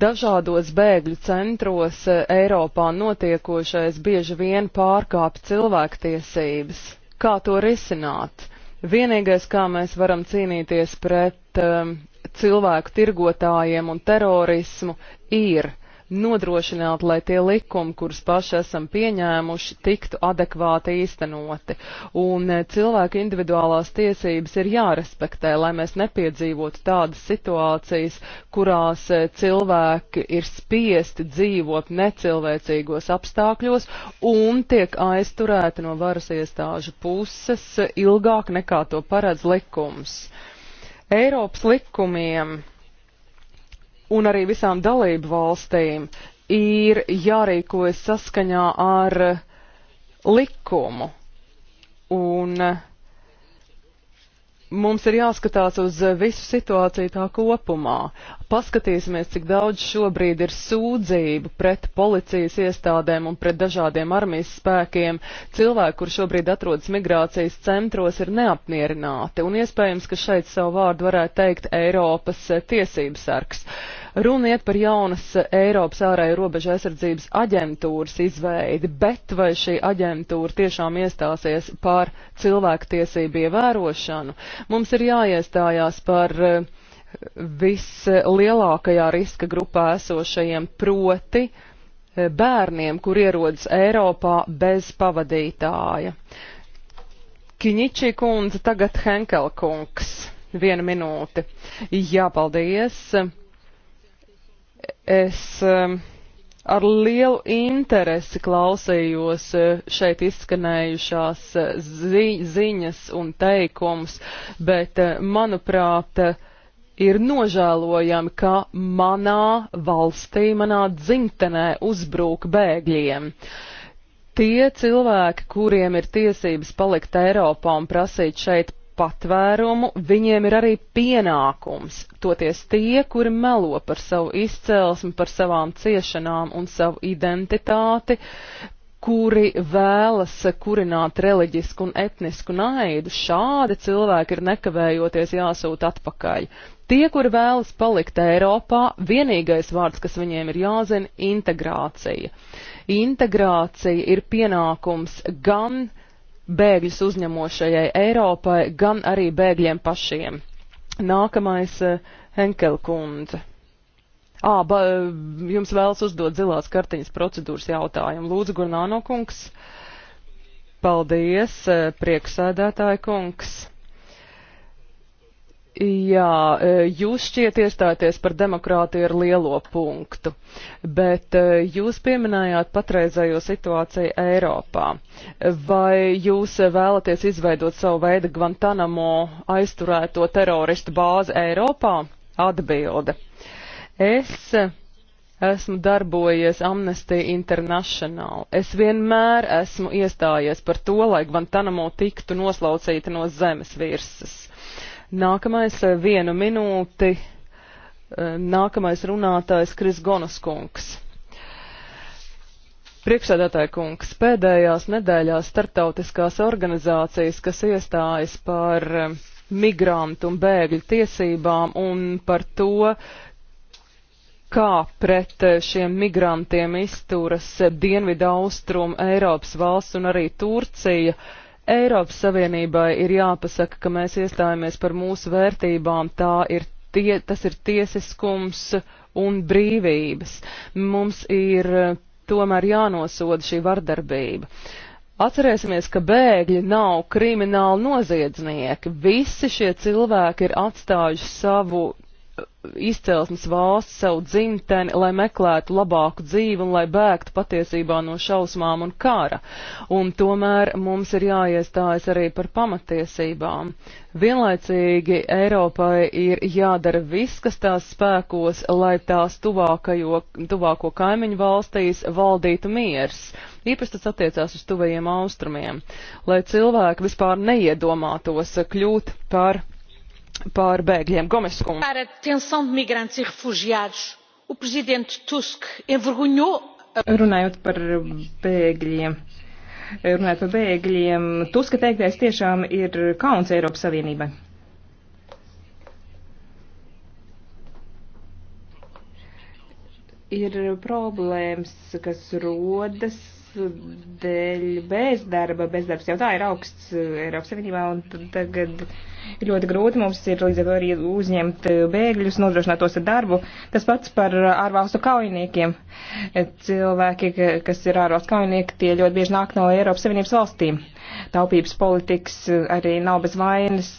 dažādos bēgļu centros e, Eiropā notiekošais bieži vien pārkāp cilvēktiesības. Kā to risināt? Vienīgais, kā mēs varam cīnīties pret um, cilvēku tirgotājiem un terorismu, ir nodrošināt, lai tie likumi, kurus paši esam pieņēmuši, tiktu adekvāti īstenoti. Un eh, cilvēku individuālās tiesības ir jārespektē, lai mēs nepiedzīvotu tādas situācijas, kurās eh, cilvēki ir spiesti dzīvot necilvēcīgos apstākļos un tiek aizturēti no varas iestāžu puses ilgāk nekā to paredz likums. Eiropas likumiem un arī visām dalību valstīm ir jārīkojas saskaņā ar likumu. Un, uh, mums ir jāskatās uz eh, visu situāciju tā kopumā. Paskatīsimies, cik daudz šobrīd ir sūdzību pret policijas iestādēm un pret dažādiem armijas spēkiem. Cilvēki, kur šobrīd atrodas migrācijas centros, ir neapmierināti, un iespējams, ka šeit savu vārdu varētu teikt Eiropas eh, tiesības sargs. Uh, Runa iet par jaunas eh, Eiropas ārēju robežu aizsardzības aģentūras izveidi, bet vai šī aģentūra tiešām iestāsies par cilvēktiesību ievērošanu? Mums ir jāiestājās par eh, vislielākajā riska grupā esošajiem proti eh, bērniem, kur ierodas Eiropā bez pavadītāja. Kiņiči kundze, tagad Henkel kungs. Viena minūte. Jā, paldies. Es um, ar lielu interesi klausījos uh, šeit izskanējušās uh, zi ziņas un teikumus, bet, uh, manuprāt, ir nožēlojami, ka manā valstī, manā dzimtenē uzbrūk bēgļiem. Tie cilvēki, kuriem ir tiesības palikt Eiropā un prasīt šeit patvērumu, viņiem ir arī pienākums toties tie, kuri melo par savu izcelsmi, par savām ciešanām un savu identitāti, kuri vēlas kurināt reliģisku un etnisku naidu. Šādi cilvēki ir nekavējoties jāsūt atpakaļ. Tie, kuri vēlas palikt Eiropā, vienīgais vārds, kas viņiem ir jāzina - integrācija. Integrācija ir pienākums gan uh, bēgļus uzņemošajai Eiropai, gan arī bēgļiem pašiem. Nākamais eh, Henkel kundze. Ā, ba, eh, jums vēlas uzdot zilās kartiņas procedūras jautājumu. Lūdzu, Gurnāno kungs. Paldies, eh, prieksēdētāja kungs. Jā, e, jūs šķiet iestāties par demokrātiju ar lielo punktu, bet e, jūs pieminējāt patreizējo situāciju Eiropā. Vai jūs vēlaties izveidot savu veidu Guantanamo aizturēto teroristu bāzi Eiropā? Atbilde. Es esmu darbojies Amnesty International. Es vienmēr esmu iestājies par to, lai Guantanamo tiktu noslaucīta no zemes virsmas Nākamais eh, vienu minūti, eh, nākamais runātājs Kris Gonoskungs. Priekšsēdētāja kungs, pēdējās nedēļās starptautiskās organizācijas, kas iestājas par eh, migrantu un bēgļu tiesībām un par to, kā pret šiem migrantiem izturas Dienvidu Austrum Eiropas valsts un arī Turcija, uh, Eiropas Savienībai ir jāpasaka, ka mēs iestājamies par mūsu vērtībām, tā ir tie, tas ir tiesiskums un brīvības. Mums ir eh, tomēr jānosoda šī vardarbība. Atcerēsimies, ka bēgļi nav krimināli noziedznieki. Visi šie cilvēki ir atstājuši savu izcelsmes valsts, savu dzimteni, lai meklētu labāku dzīvi un lai bēgtu patiesībā no šausmām un kara. Un tomēr mums ir jāiestājas arī par pamatiesībām. Vienlaicīgi Eiropai ir jādara viss, kas tās spēkos, lai tās tuvākajo, tuvāko kaimiņu valstīs valdītu miers. Īpaši tas attiecās uz tuvajiem austrumiem, lai cilvēki vispār neiedomātos kļūt par par bēgļiem. Gomes kundze. E Runājot par bēgļiem. Runājot par bēgļiem, Tuska teiktais tiešām ir kauns Eiropas Savienībai. ir problēmas, kas rodas dēļ bezdarba. Bezdarbs jau tā ir augsts eh, Eiropas Savienībā, un tagad ļoti grūti mums ir līdz ar to arī uzņemt eh, bēgļus, nodrošināt tos ar darbu. Tas pats par ārvalstu kaujiniekiem. Cilvēki, kas ir ārvalstu kaujinieki, tie ļoti bieži nāk no Eiropas Savienības valstīm. Taupības politikas eh, arī nav bez vainas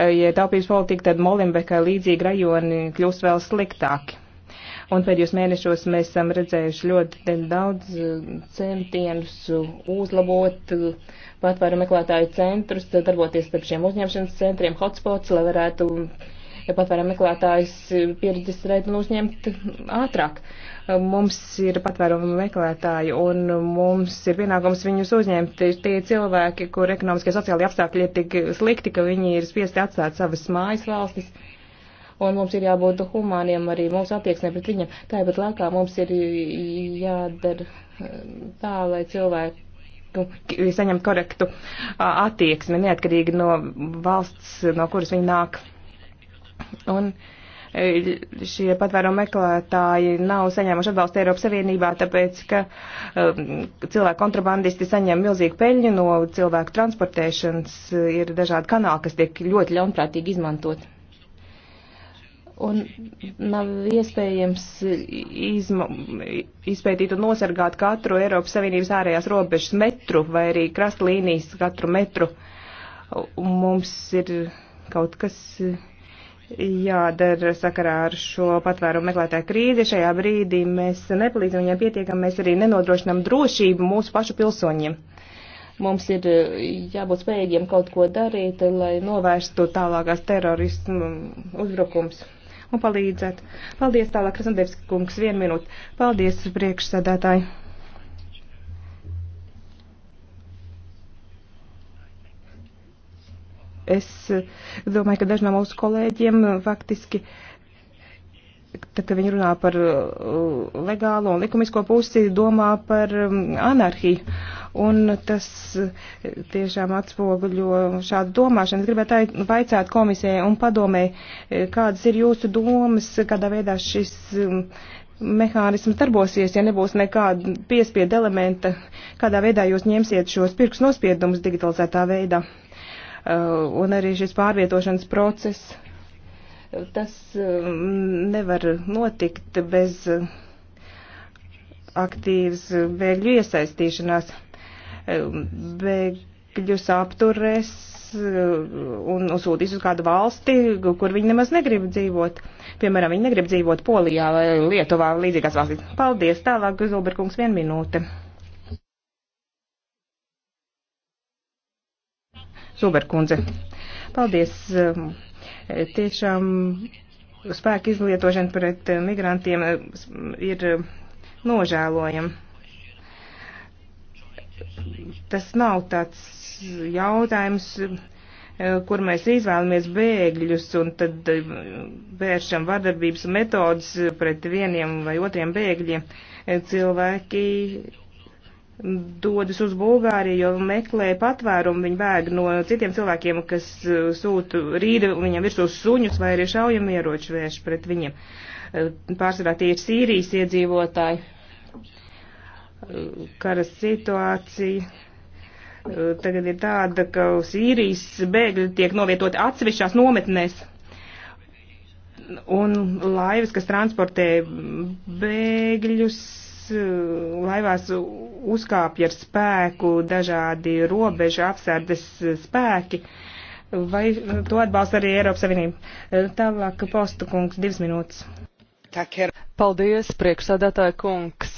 ja taupības politika, tad Molimbekai līdzīgi rajoni kļūst vēl sliktāki. Un pēdējos mēnešos mēs esam redzējuši ļoti daudz eh, centienus uzlabot eh, patvēru meklētāju centrus, darboties starp šiem uzņemšanas centriem, hotspots, lai varētu eh, patvēru meklētājs pierģistrēt un uzņemt ātrāk mums ir patvērumu meklētāji un mums ir pienākums viņus uzņemt. Tie cilvēki, kur ekonomiskie sociālie apstākļi ir tik slikti, ka viņi ir spiesti atstāt savas mājas valstis un mums ir jābūt humāniem arī mūsu attieksmē pret viņiem. Tāpat laikā mums ir jādara um, tā, lai cilvēki saņemt korektu attieksmi, neatkarīgi no valsts, no kuras viņi nāk. Un e, šie patvērumu meklētāji nav saņēmuši atbalstu Eiropas Savienībā, tāpēc, ka um, cilvēku kontrabandisti saņem milzīgu peļņu no cilvēku transportēšanas, ir dažādi kanāli, kas tiek ļoti ļaunprātīgi izmantot un nav iespējams izma, izpētīt un nosargāt katru Eiropas Savienības ārējās robežas metru vai arī krasta līnijas katru metru. Mums ir kaut kas jādara sakarā ar šo patvērumu meklētāju krīzi. Šajā brīdī mēs nepalīdzam viņiem pietiekam, mēs arī nenodrošinām drošību mūsu pašu pilsoņiem. Mums ir jābūt spējīgiem kaut ko darīt, lai novērstu tālākās terorismu uzbrukums un palīdzēt. Paldies tālāk, Krasnodevski kungs, vienu minūti. Paldies, priekšsēdētāji. Es eh, domāju, ka daži no mūsu kolēģiem eh, faktiski uh, tad, kad viņi runā par uh, legālo un likumisko pusi, domā par um, anarhiju. Un tas uh, tiešām atspoguļo šādu domāšanu. Es gribētu vaicāt komisijai un padomē, uh, kādas ir jūsu domas, kādā veidā šis um, mehānisms darbosies, ja nebūs nekāda piespiedu elementa, kādā veidā jūs ņemsiet šos pirks nospiedumus digitalizētā veidā. Un arī šis pārvietošanas process Tas um, nevar notikt bez uh, aktīvas bēgļu iesaistīšanās. Um, bēgļus apturēs uh, un uzsūtīs uz kādu valsti, kur viņi nemaz negrib dzīvot. Piemēram, viņi negrib dzīvot Polijā vai Lietuvā, līdzīgās valstīs. Paldies, tālāk, Zulberkungs, vien minūte. Zuberkundze. Paldies. Um, Tiešām spēku izlietošana pret migrantiem eh, ir eh, nožēlojama. Tas nav tāds jautājums, eh, kur mēs izvēlamies bēgļus un tad vēršam vardarbības metodas pret vieniem vai otriem bēgļiem. Cilvēki dodas uz Bulgāriju, jo meklē patvērumu, viņi bēg no citiem cilvēkiem, kas uh, sūta rīda viņam virsū suņus vai arī šaujamieroči vērš pret viņiem. Uh, pārsvarā tie ir Sīrijas iedzīvotāji. Uh, Karas situācija tagad ir tāda, ka Sīrijas bēgļi tiek novietoti atsevišķās nometnēs un laivas, kas transportē bēgļus, Eh, laivās uzkāpja ar spēku dažādi robežu apsardes spēki. Vai eh, to atbalsta arī Eiropas Savienība? Eh, tālāk posta kungs divas minūtes. Paldies, priekšsādātāja kungs.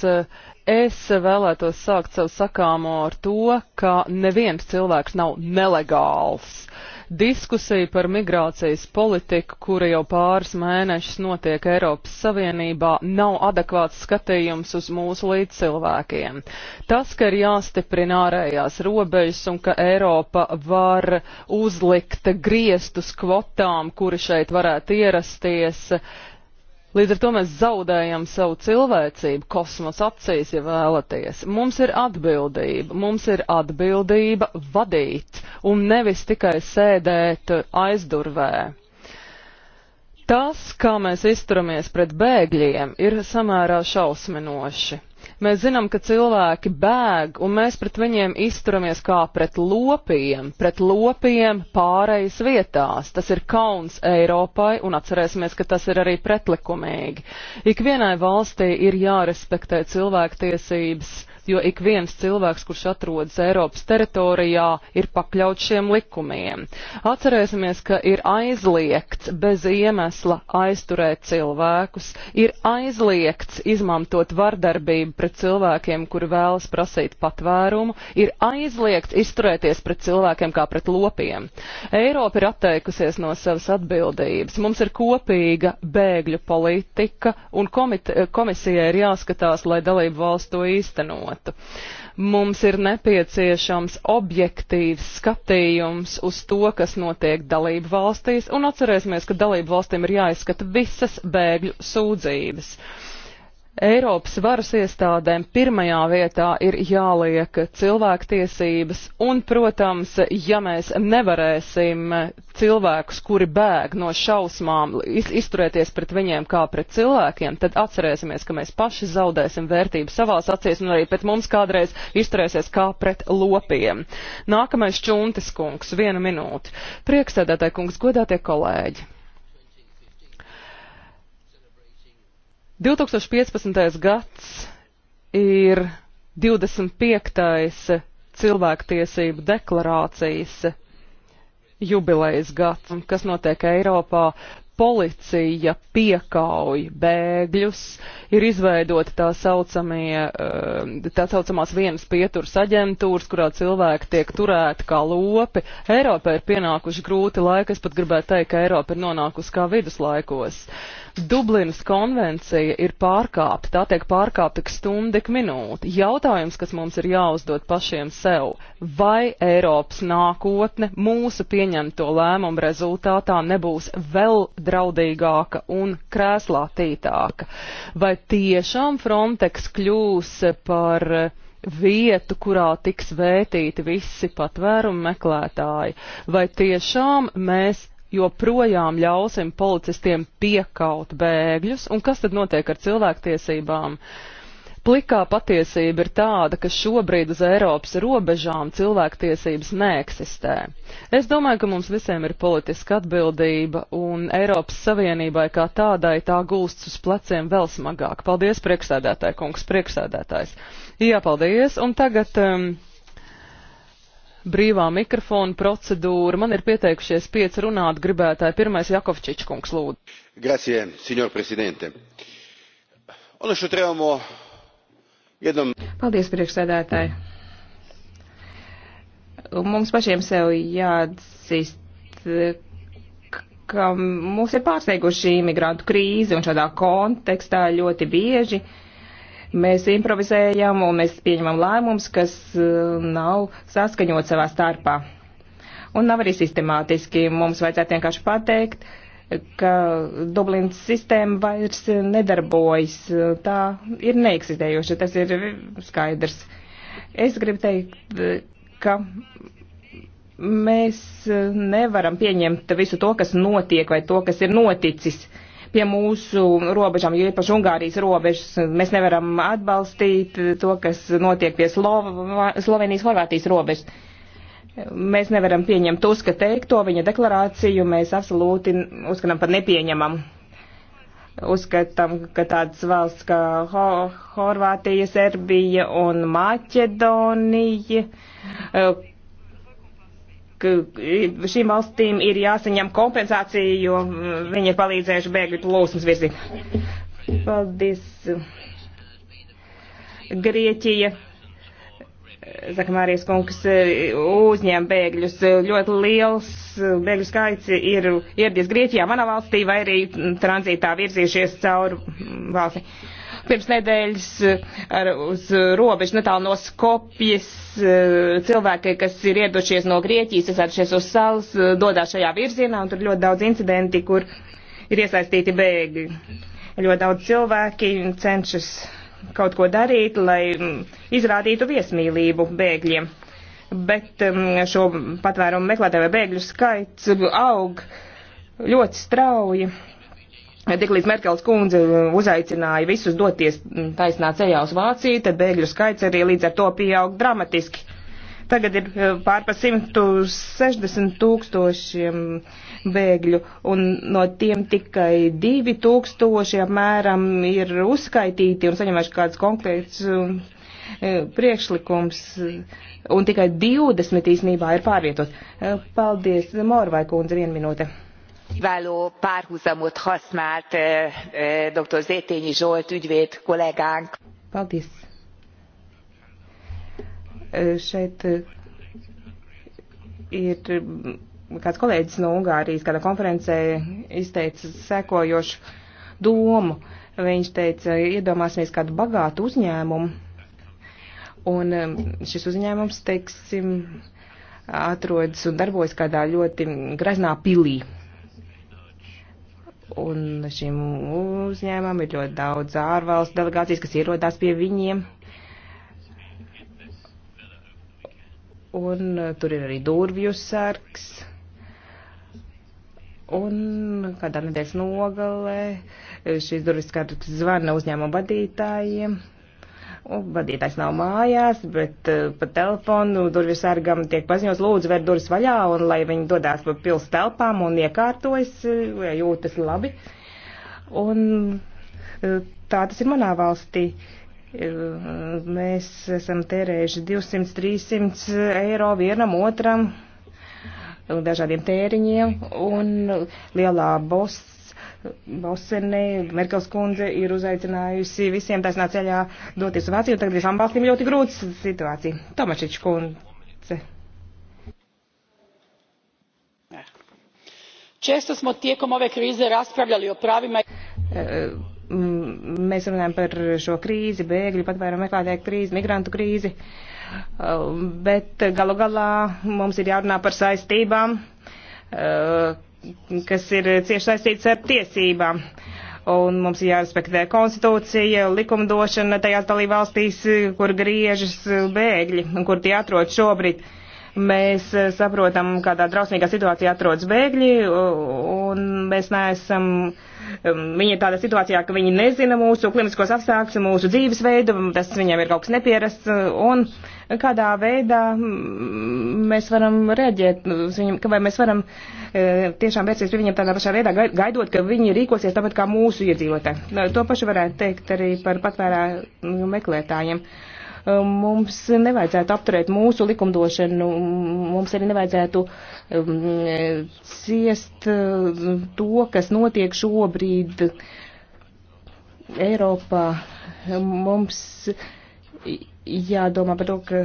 Es vēlētos sākt savu sakāmo ar to, ka neviens cilvēks nav nelegāls Diskusija par migrācijas politiku, kura jau pāris mēnešus notiek Eiropas Savienībā, nav adekvāts skatījums uz mūsu līdzcilvēkiem. Tas, ka ir jāstiprina ārējās robežas un ka Eiropa var uzlikt griestus kvotām, kuri šeit varētu ierasties, Līdz ar to mēs zaudējam savu cilvēcību kosmosa acīs, ja vēlaties. Mums ir atbildība, mums ir atbildība vadīt un nevis tikai sēdēt aizdurvē. Tas, kā mēs izturamies pret bēgļiem, ir samērā šausminoši. Mēs zinām, ka cilvēki bēg, un mēs pret viņiem izturamies kā pret lopiem, pret lopiem pārejas vietās. Tas ir kauns Eiropai, un atcerēsimies, ka tas ir arī pretlikumīgi. Ikvienai valstī ir jārespektē cilvēktiesības jo ik viens cilvēks, kurš atrodas Eiropas teritorijā, ir pakļauts šiem likumiem. Atcerēsimies, ka ir aizliegts bez iemesla aizturēt cilvēkus, ir aizliegts izmantot vardarbību pret cilvēkiem, kuri vēlas prasīt patvērumu, ir aizliegts izturēties pret cilvēkiem kā pret lopiem. Eiropa ir atteikusies no savas atbildības. Mums ir kopīga bēgļu politika un komite, komisijai ir jāskatās, lai dalību valsts to īstenot pamatu. Mums ir nepieciešams objektīvs skatījums uz to, kas notiek dalību valstīs, un atcerēsimies, ka dalību valstīm ir jāizskata visas bēgļu sūdzības. Uh, Eiropas varas iestādēm pirmajā vietā ir jāliek cilvēktiesības, un, protams, ja mēs nevarēsim cilvēkus, kuri bēg no šausmām, izturēties pret viņiem kā pret cilvēkiem, tad atcerēsimies, ka mēs paši zaudēsim vērtību savās acīs, un arī pret mums kādreiz izturēsies kā pret lopiem. Nākamais čuntis kungs, vienu minūti. Prieksēdētāji kungs, godātie kolēģi! 2015. gads ir 25. cilvēktiesību deklarācijas jubilejas gads, kas notiek Eiropā policija piekauj bēgļus, ir izveidota tā, saucamie, eh, tā saucamās vienas pieturas aģentūras, kurā cilvēki tiek turēti kā lopi. Eiropa ir pienākuši grūti laiki, es pat gribētu teikt, ka Eiropa ir nonākusi kā viduslaikos. Dublinas konvencija ir pārkāpta, tā tiek pārkāpta tik stunda, tik minūte. Jautājums, kas mums ir jāuzdod pašiem sev, vai Eiropas nākotne mūsu pieņemto lēmumu rezultātā nebūs vēl draudīgāka un krēslātītāka. Vai tiešām Frontex kļūs par vietu, kurā tiks vētīti visi patvērumu meklētāji? Vai tiešām mēs joprojām ļausim policistiem piekaut bēgļus? Un kas tad notiek ar cilvēktiesībām? Uh, Plikā patiesība ir tāda, ka šobrīd uz Eiropas robežām cilvēktiesības neeksistē. Es domāju, ka mums visiem ir politiska atbildība, un Eiropas Savienībai kā tādai tā gulsts uz pleciem vēl smagāk. Paldies, priekšsēdētāji, kungs, priekšsēdētājs. Jā, paldies, un tagad. Um, brīvā mikrofona procedūra. Man ir pieteikušies pieci runāt gribētāji. Pirmais Jakovčič kungs lūdzu. Grazie, signor presidente. Ono što trebamo Jedam... Paldies, priekšsēdētāji. Mums pašiem sev jāatzīst, ka mūs ir pārsteiguši imigrantu krīze un šādā kontekstā ļoti bieži mēs improvizējam un mēs pieņemam lēmumus, kas uh, nav saskaņot savā starpā. Un nav arī sistemātiski. Mums vajadzētu vienkārši pateikt, uh, ka Dublinas sistēma vairs nedarbojas. Tā ir neeksistējoša, tas ir skaidrs. Es gribu teikt, ka mēs nevaram pieņemt visu to, kas notiek vai to, kas ir noticis pie mūsu robežām, jo īpaši Ungārijas robežas mēs nevaram atbalstīt to, kas notiek pie Slova, Slovenijas, Horvātijas robežas Mēs nevaram pieņemt Tuska teikto, viņa deklarāciju mēs absolūti uzskatām par nepieņemamu. Uzskatām, ka tādas valsts kā Ho Horvātija, Serbija un Maķedonija, eh, ka šīm valstīm ir jāsaņem kompensācija, jo eh, viņi ir palīdzējuši bēgļu plūsmas virzīt. Paldies. Grieķija saka Mārijas kungs, e, uzņem bēgļus. Ļoti liels e, bēgļu skaits ir ieradies Grieķijā, manā valstī, vai arī tranzītā virzījušies cauri valsti. Pirms nedēļas e, ar, uz robežu netālu no Skopjas cilvēki, kas ir iedušies no Grieķijas, iesēdušies uz salas, dodas šajā virzienā, un tur ļoti daudz incidenti, kur ir iesaistīti bēgļi. Ļoti daudz cilvēki cenšas kaut ko darīt, lai mm, izrādītu viesmīlību bēgļiem. Bet mm, šo patvērumu meklētāju vai bēgļu skaits aug ļoti strauji. Tik līdz Merkels kundze uzaicināja visus doties mm, taisnā ceļā uz Vāciju, tad bēgļu skaits arī līdz ar to pieaug dramatiski. Tagad ir eh, pārpa 160 tūkstošiem bēgļu, un no tiem tikai 2 tūkstoši apmēram ir uzskaitīti un saņemējuši kāds konkrēts um, eh, priekšlikums, un tikai 20 īsnībā ir pārvietot. Eh, paldies, Morvai kundze, vienu minūte. Kiváló párhuzamot használt dr. Zétényi Zsolt ügyvéd kollégánk. Paldies šeit eh, ir mm, kāds kolēģis no Ungārijas kādā konferencē izteica sekojošu domu. Viņš teica, iedomāsimies kādu bagātu uzņēmumu, un mm, šis uzņēmums, teiksim, atrodas un darbojas kādā ļoti graznā pilī. Un šim uzņēmumam ir ļoti daudz ārvalstu delegācijas, kas ierodās pie viņiem un eh, tur ir arī durvju sargs. Un kādā nedēļas nogalē eh, šīs durvis kārtas zvana uzņēmuma vadītājiem. Un vadītājs nav mājās, bet uh, pa telefonu durvis sargam tiek paziņots, lūdzu, vērt durvis vaļā, un lai viņi dodās pa pils telpām un iekārtojas, uh, jūtas labi. Un uh, tā tas ir manā valstī. Uh, Mēs esam tērējuši 200-300 eiro vienam otram dažādiem tēriņiem, un lielā boss Bosenē, Merkels kundze ir uzaicinājusi visiem taisnā ceļā doties uz Vāciju, un tagad visām valstīm ļoti grūts situācija. Tomačič kundze. Često smo tijekom ove krize raspravljali o pravima... E, Mm, mēs runājam par šo krīzi, bēgļu patvērumu meklētāju krīzi, migrantu krīzi, uh, bet galu galā mums ir jārunā par saistībām, uh, kas ir cieši saistītas ar tiesībām. Un mums ir jārespektē konstitūcija, likumdošana tajās dalībvalstīs, kur griežas bēgļi un kur tie atrod šobrīd. Uh, Mēs eh, saprotam, kādā drausmīgā situācijā atrodas bēgļi, un mēs neesam um, viņi ir tādā situācijā, ka viņi nezina mūsu klimatiskos apstākļus, mūsu dzīvesveidu, tas viņiem ir kaut kas nepierasts, un kādā veidā mm, mēs varam reaģēt, viņam, vai mēs varam eh, tiešām vērsties pie viņiem tādā pašā veidā, gaidot, ka viņi rīkosies tāpat kā mūsu iedzīvotāji. To pašu varētu teikt arī par patvērā meklētājiem. Uh, Um, mums nevajadzētu apturēt mūsu likumdošanu, um, mums arī nevajadzētu um, ciest uh, to, kas notiek šobrīd Eiropā. Mums jādomā par to, ka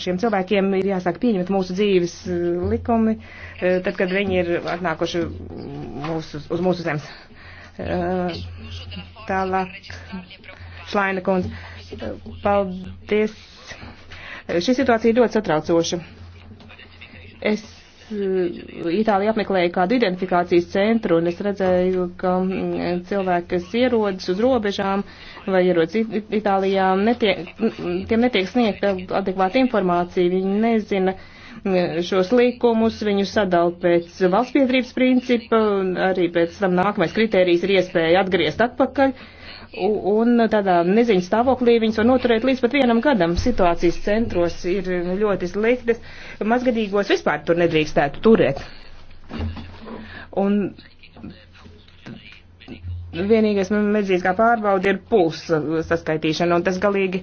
šiem cilvēkiem ir jāsāk pieņemt mūsu dzīves uh, likumi, uh, tad, kad viņi ir atnākuši mūsu, uz mūsu zemes. Tālāk, Šlaina kundze. Paldies. Šī situācija ir ļoti satraucoša. Es eh, Itālija apmeklēja kādu identifikācijas centru, un es redzēju, ka mm, cilvēki, kas ierodas uz robežām vai ierodas Itālijā, netiek, mm, tiem netiek sniegta adekvāta informācija. Viņi nezina mm, šos līkumus, viņu sadala pēc valstspiedrības principa, un arī pēc tam nākamais kritērijs ir iespēja atgriezt atpakaļ. Uh, un tādā neziņas stāvoklī viņus var noturēt līdz pat vienam gadam. Situācijas centros ir ļoti sliktas, mazgadīgos vispār tur nedrīkstētu turēt. Un vienīgais medzīgā pārbauda ir pulsa saskaitīšana, un tas galīgi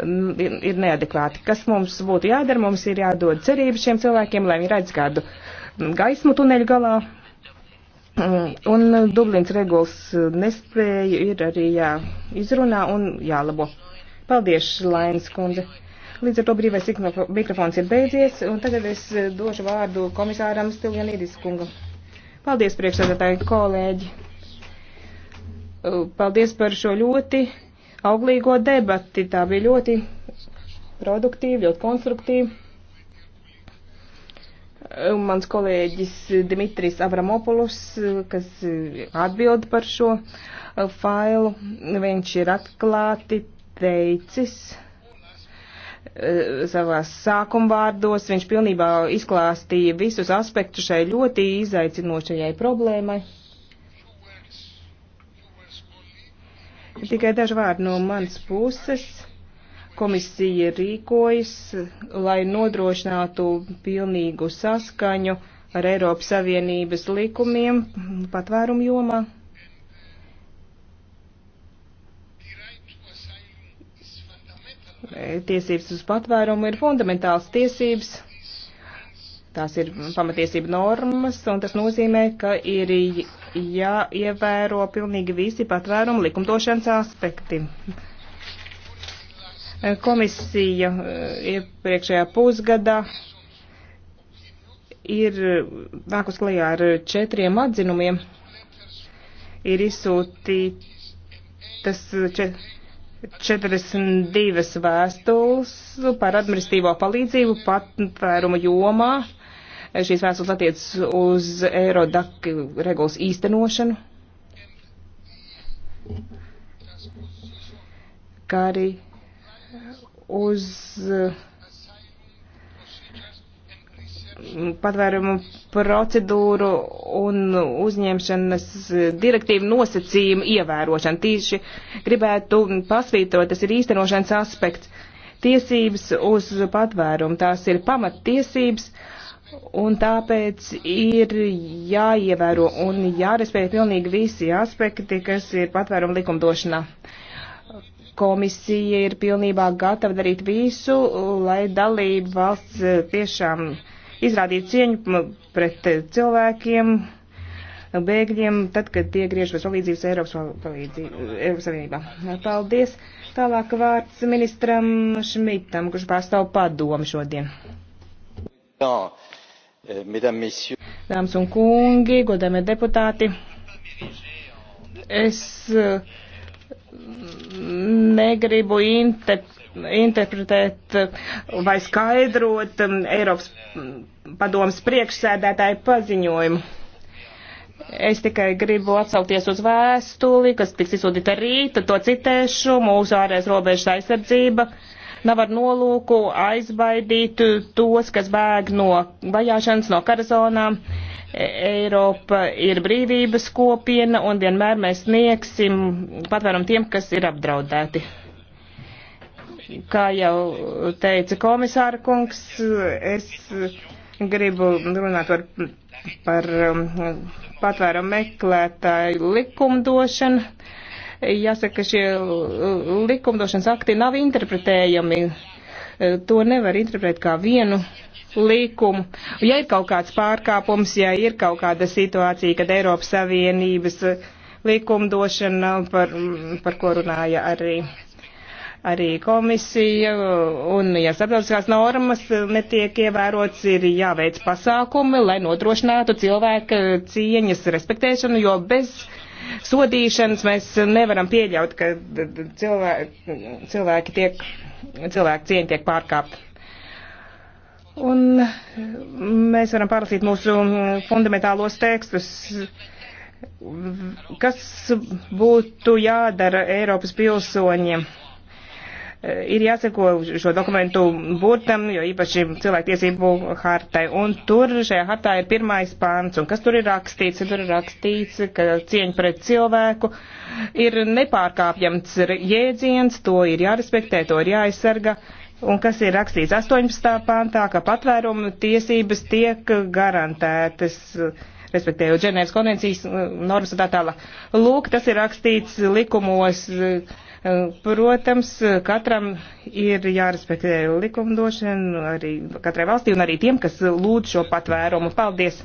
mm, ir neadekvāti. Kas mums būtu jādara? Mums ir jādod cerību šiem cilvēkiem, lai viņi redz kādu mm, gaismu tuneļu galā, Un Dublins regulas nespēja ir arī jā, izrunā un jālabo. Paldies, Lainas kundze. Līdz ar to brīvais mikrofons ir beidzies, un tagad es došu vārdu komisāram Stiljanīdis kungam. Paldies, priekšsēdētāji kolēģi. Paldies par šo ļoti auglīgo debati. Tā bija ļoti produktīva, ļoti konstruktīva. Mans kolēģis Dimitris Avramopoulos, kas atbild par šo uh, failu, viņš ir atklāti teicis uh, savās sākumvārdos, viņš pilnībā izklāstīja visus aspektus šai ļoti izaicinošajai problēmai. Tikai daži vārdi no manas puses komisija rīkojas, lai nodrošinātu pilnīgu saskaņu ar Eiropas Savienības likumiem patvērumu jomā? Tiesības uz patvērumu ir fundamentāls tiesības. Tās ir pamatiesība normas, un tas nozīmē, ka ir jāievēro pilnīgi visi patvērumu likumdošanas aspekti. Eh, komisija eh, iepriekšējā pusgadā ir eh, nākus klajā ar četriem atzinumiem. Ir izsūtītas 42 vēstules par administratīvo palīdzību patvērumu jomā. Šīs vēstules attiecas uz Eirodak regulas īstenošanu, kā arī uz eh, patvērumu procedūru un uzņemšanas direktīvu nosacījumu ievērošanu. Tīši gribētu pasvītrot, tas ir īstenošanas aspekts. Tiesības uz patvērumu, tās ir pamattiesības, un tāpēc ir jāievēro un jārespektē pilnīgi visi aspekti, kas ir patvērumu likumdošanā. Uh, komisija ir pilnībā gatava darīt visu, lai dalība valsts eh, tiešām izrādītu cieņu pret eh, cilvēkiem, bēgļiem, tad, kad tie griež bez palīdzības Eiropas, palīdzību, Eiropas Savienībā. Paldies. Tālāk vārds ministram Šmitam, kurš pārstāv padomu šodien. Dāmas un kungi, godāmie deputāti, es uh, negribu inter, interpretēt vai skaidrot um, Eiropas padomas priekšsēdētāju paziņojumu. Es tikai gribu atsaukties uz vēstuli, kas tiks izsūtīta rīta, to citēšu, mūsu ārējais robežas aizsardzība nav ar nolūku aizbaidīt tos, kas bēg no vajāšanas, no karazonām. Uh, E, Eiropa ir brīvības kopiena un vienmēr mēs sniegsim patvērumu tiem, kas ir apdraudēti. Kā jau teica komisāra kungs, es gribu runāt par, par um, patvērumu meklētāju likumdošanu. Jāsaka, šie uh, likumdošanas akti nav interpretējami. Uh, to nevar interpretēt kā vienu likumu. Ja ir kaut kāds pārkāpums, ja ir kaut kāda situācija, kad Eiropas Savienības likumdošana, par, par ko runāja arī, arī komisija, un ja starptautiskās normas netiek ievērots, ir jāveic pasākumi, lai nodrošinātu cilvēka cieņas respektēšanu, jo bez sodīšanas mēs nevaram pieļaut, ka cilvēki, cilvēki tiek, cilvēku cieņa tiek pārkāpta. Un mm, mēs varam pārlasīt mūsu fundamentālos tekstus, kas būtu jādara Eiropas pilsoņiem. Ir jāseko šo dokumentu burtam, jo īpaši cilvēktiesību hartai. Un tur šajā hartā ir pirmais pāns. Un kas tur ir rakstīts? Tur ir rakstīts, ka cieņa pret cilvēku ir nepārkāpjams jēdziens, to ir jārespektē, to ir jāaizsarga. Uh, Un kas ir rakstīts 18. pantā, ka patvērumu tiesības tiek garantētas, respektīvi Ženēvas konvencijas uh, normas un tā tālāk. Lūk, tas ir rakstīts likumos. Protams, katram ir jārespektē likumdošana, arī katrai valstī un arī tiem, kas lūdz šo patvērumu. Paldies!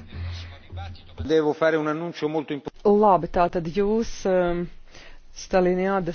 Labi, tātad jūs, um, Staliniāda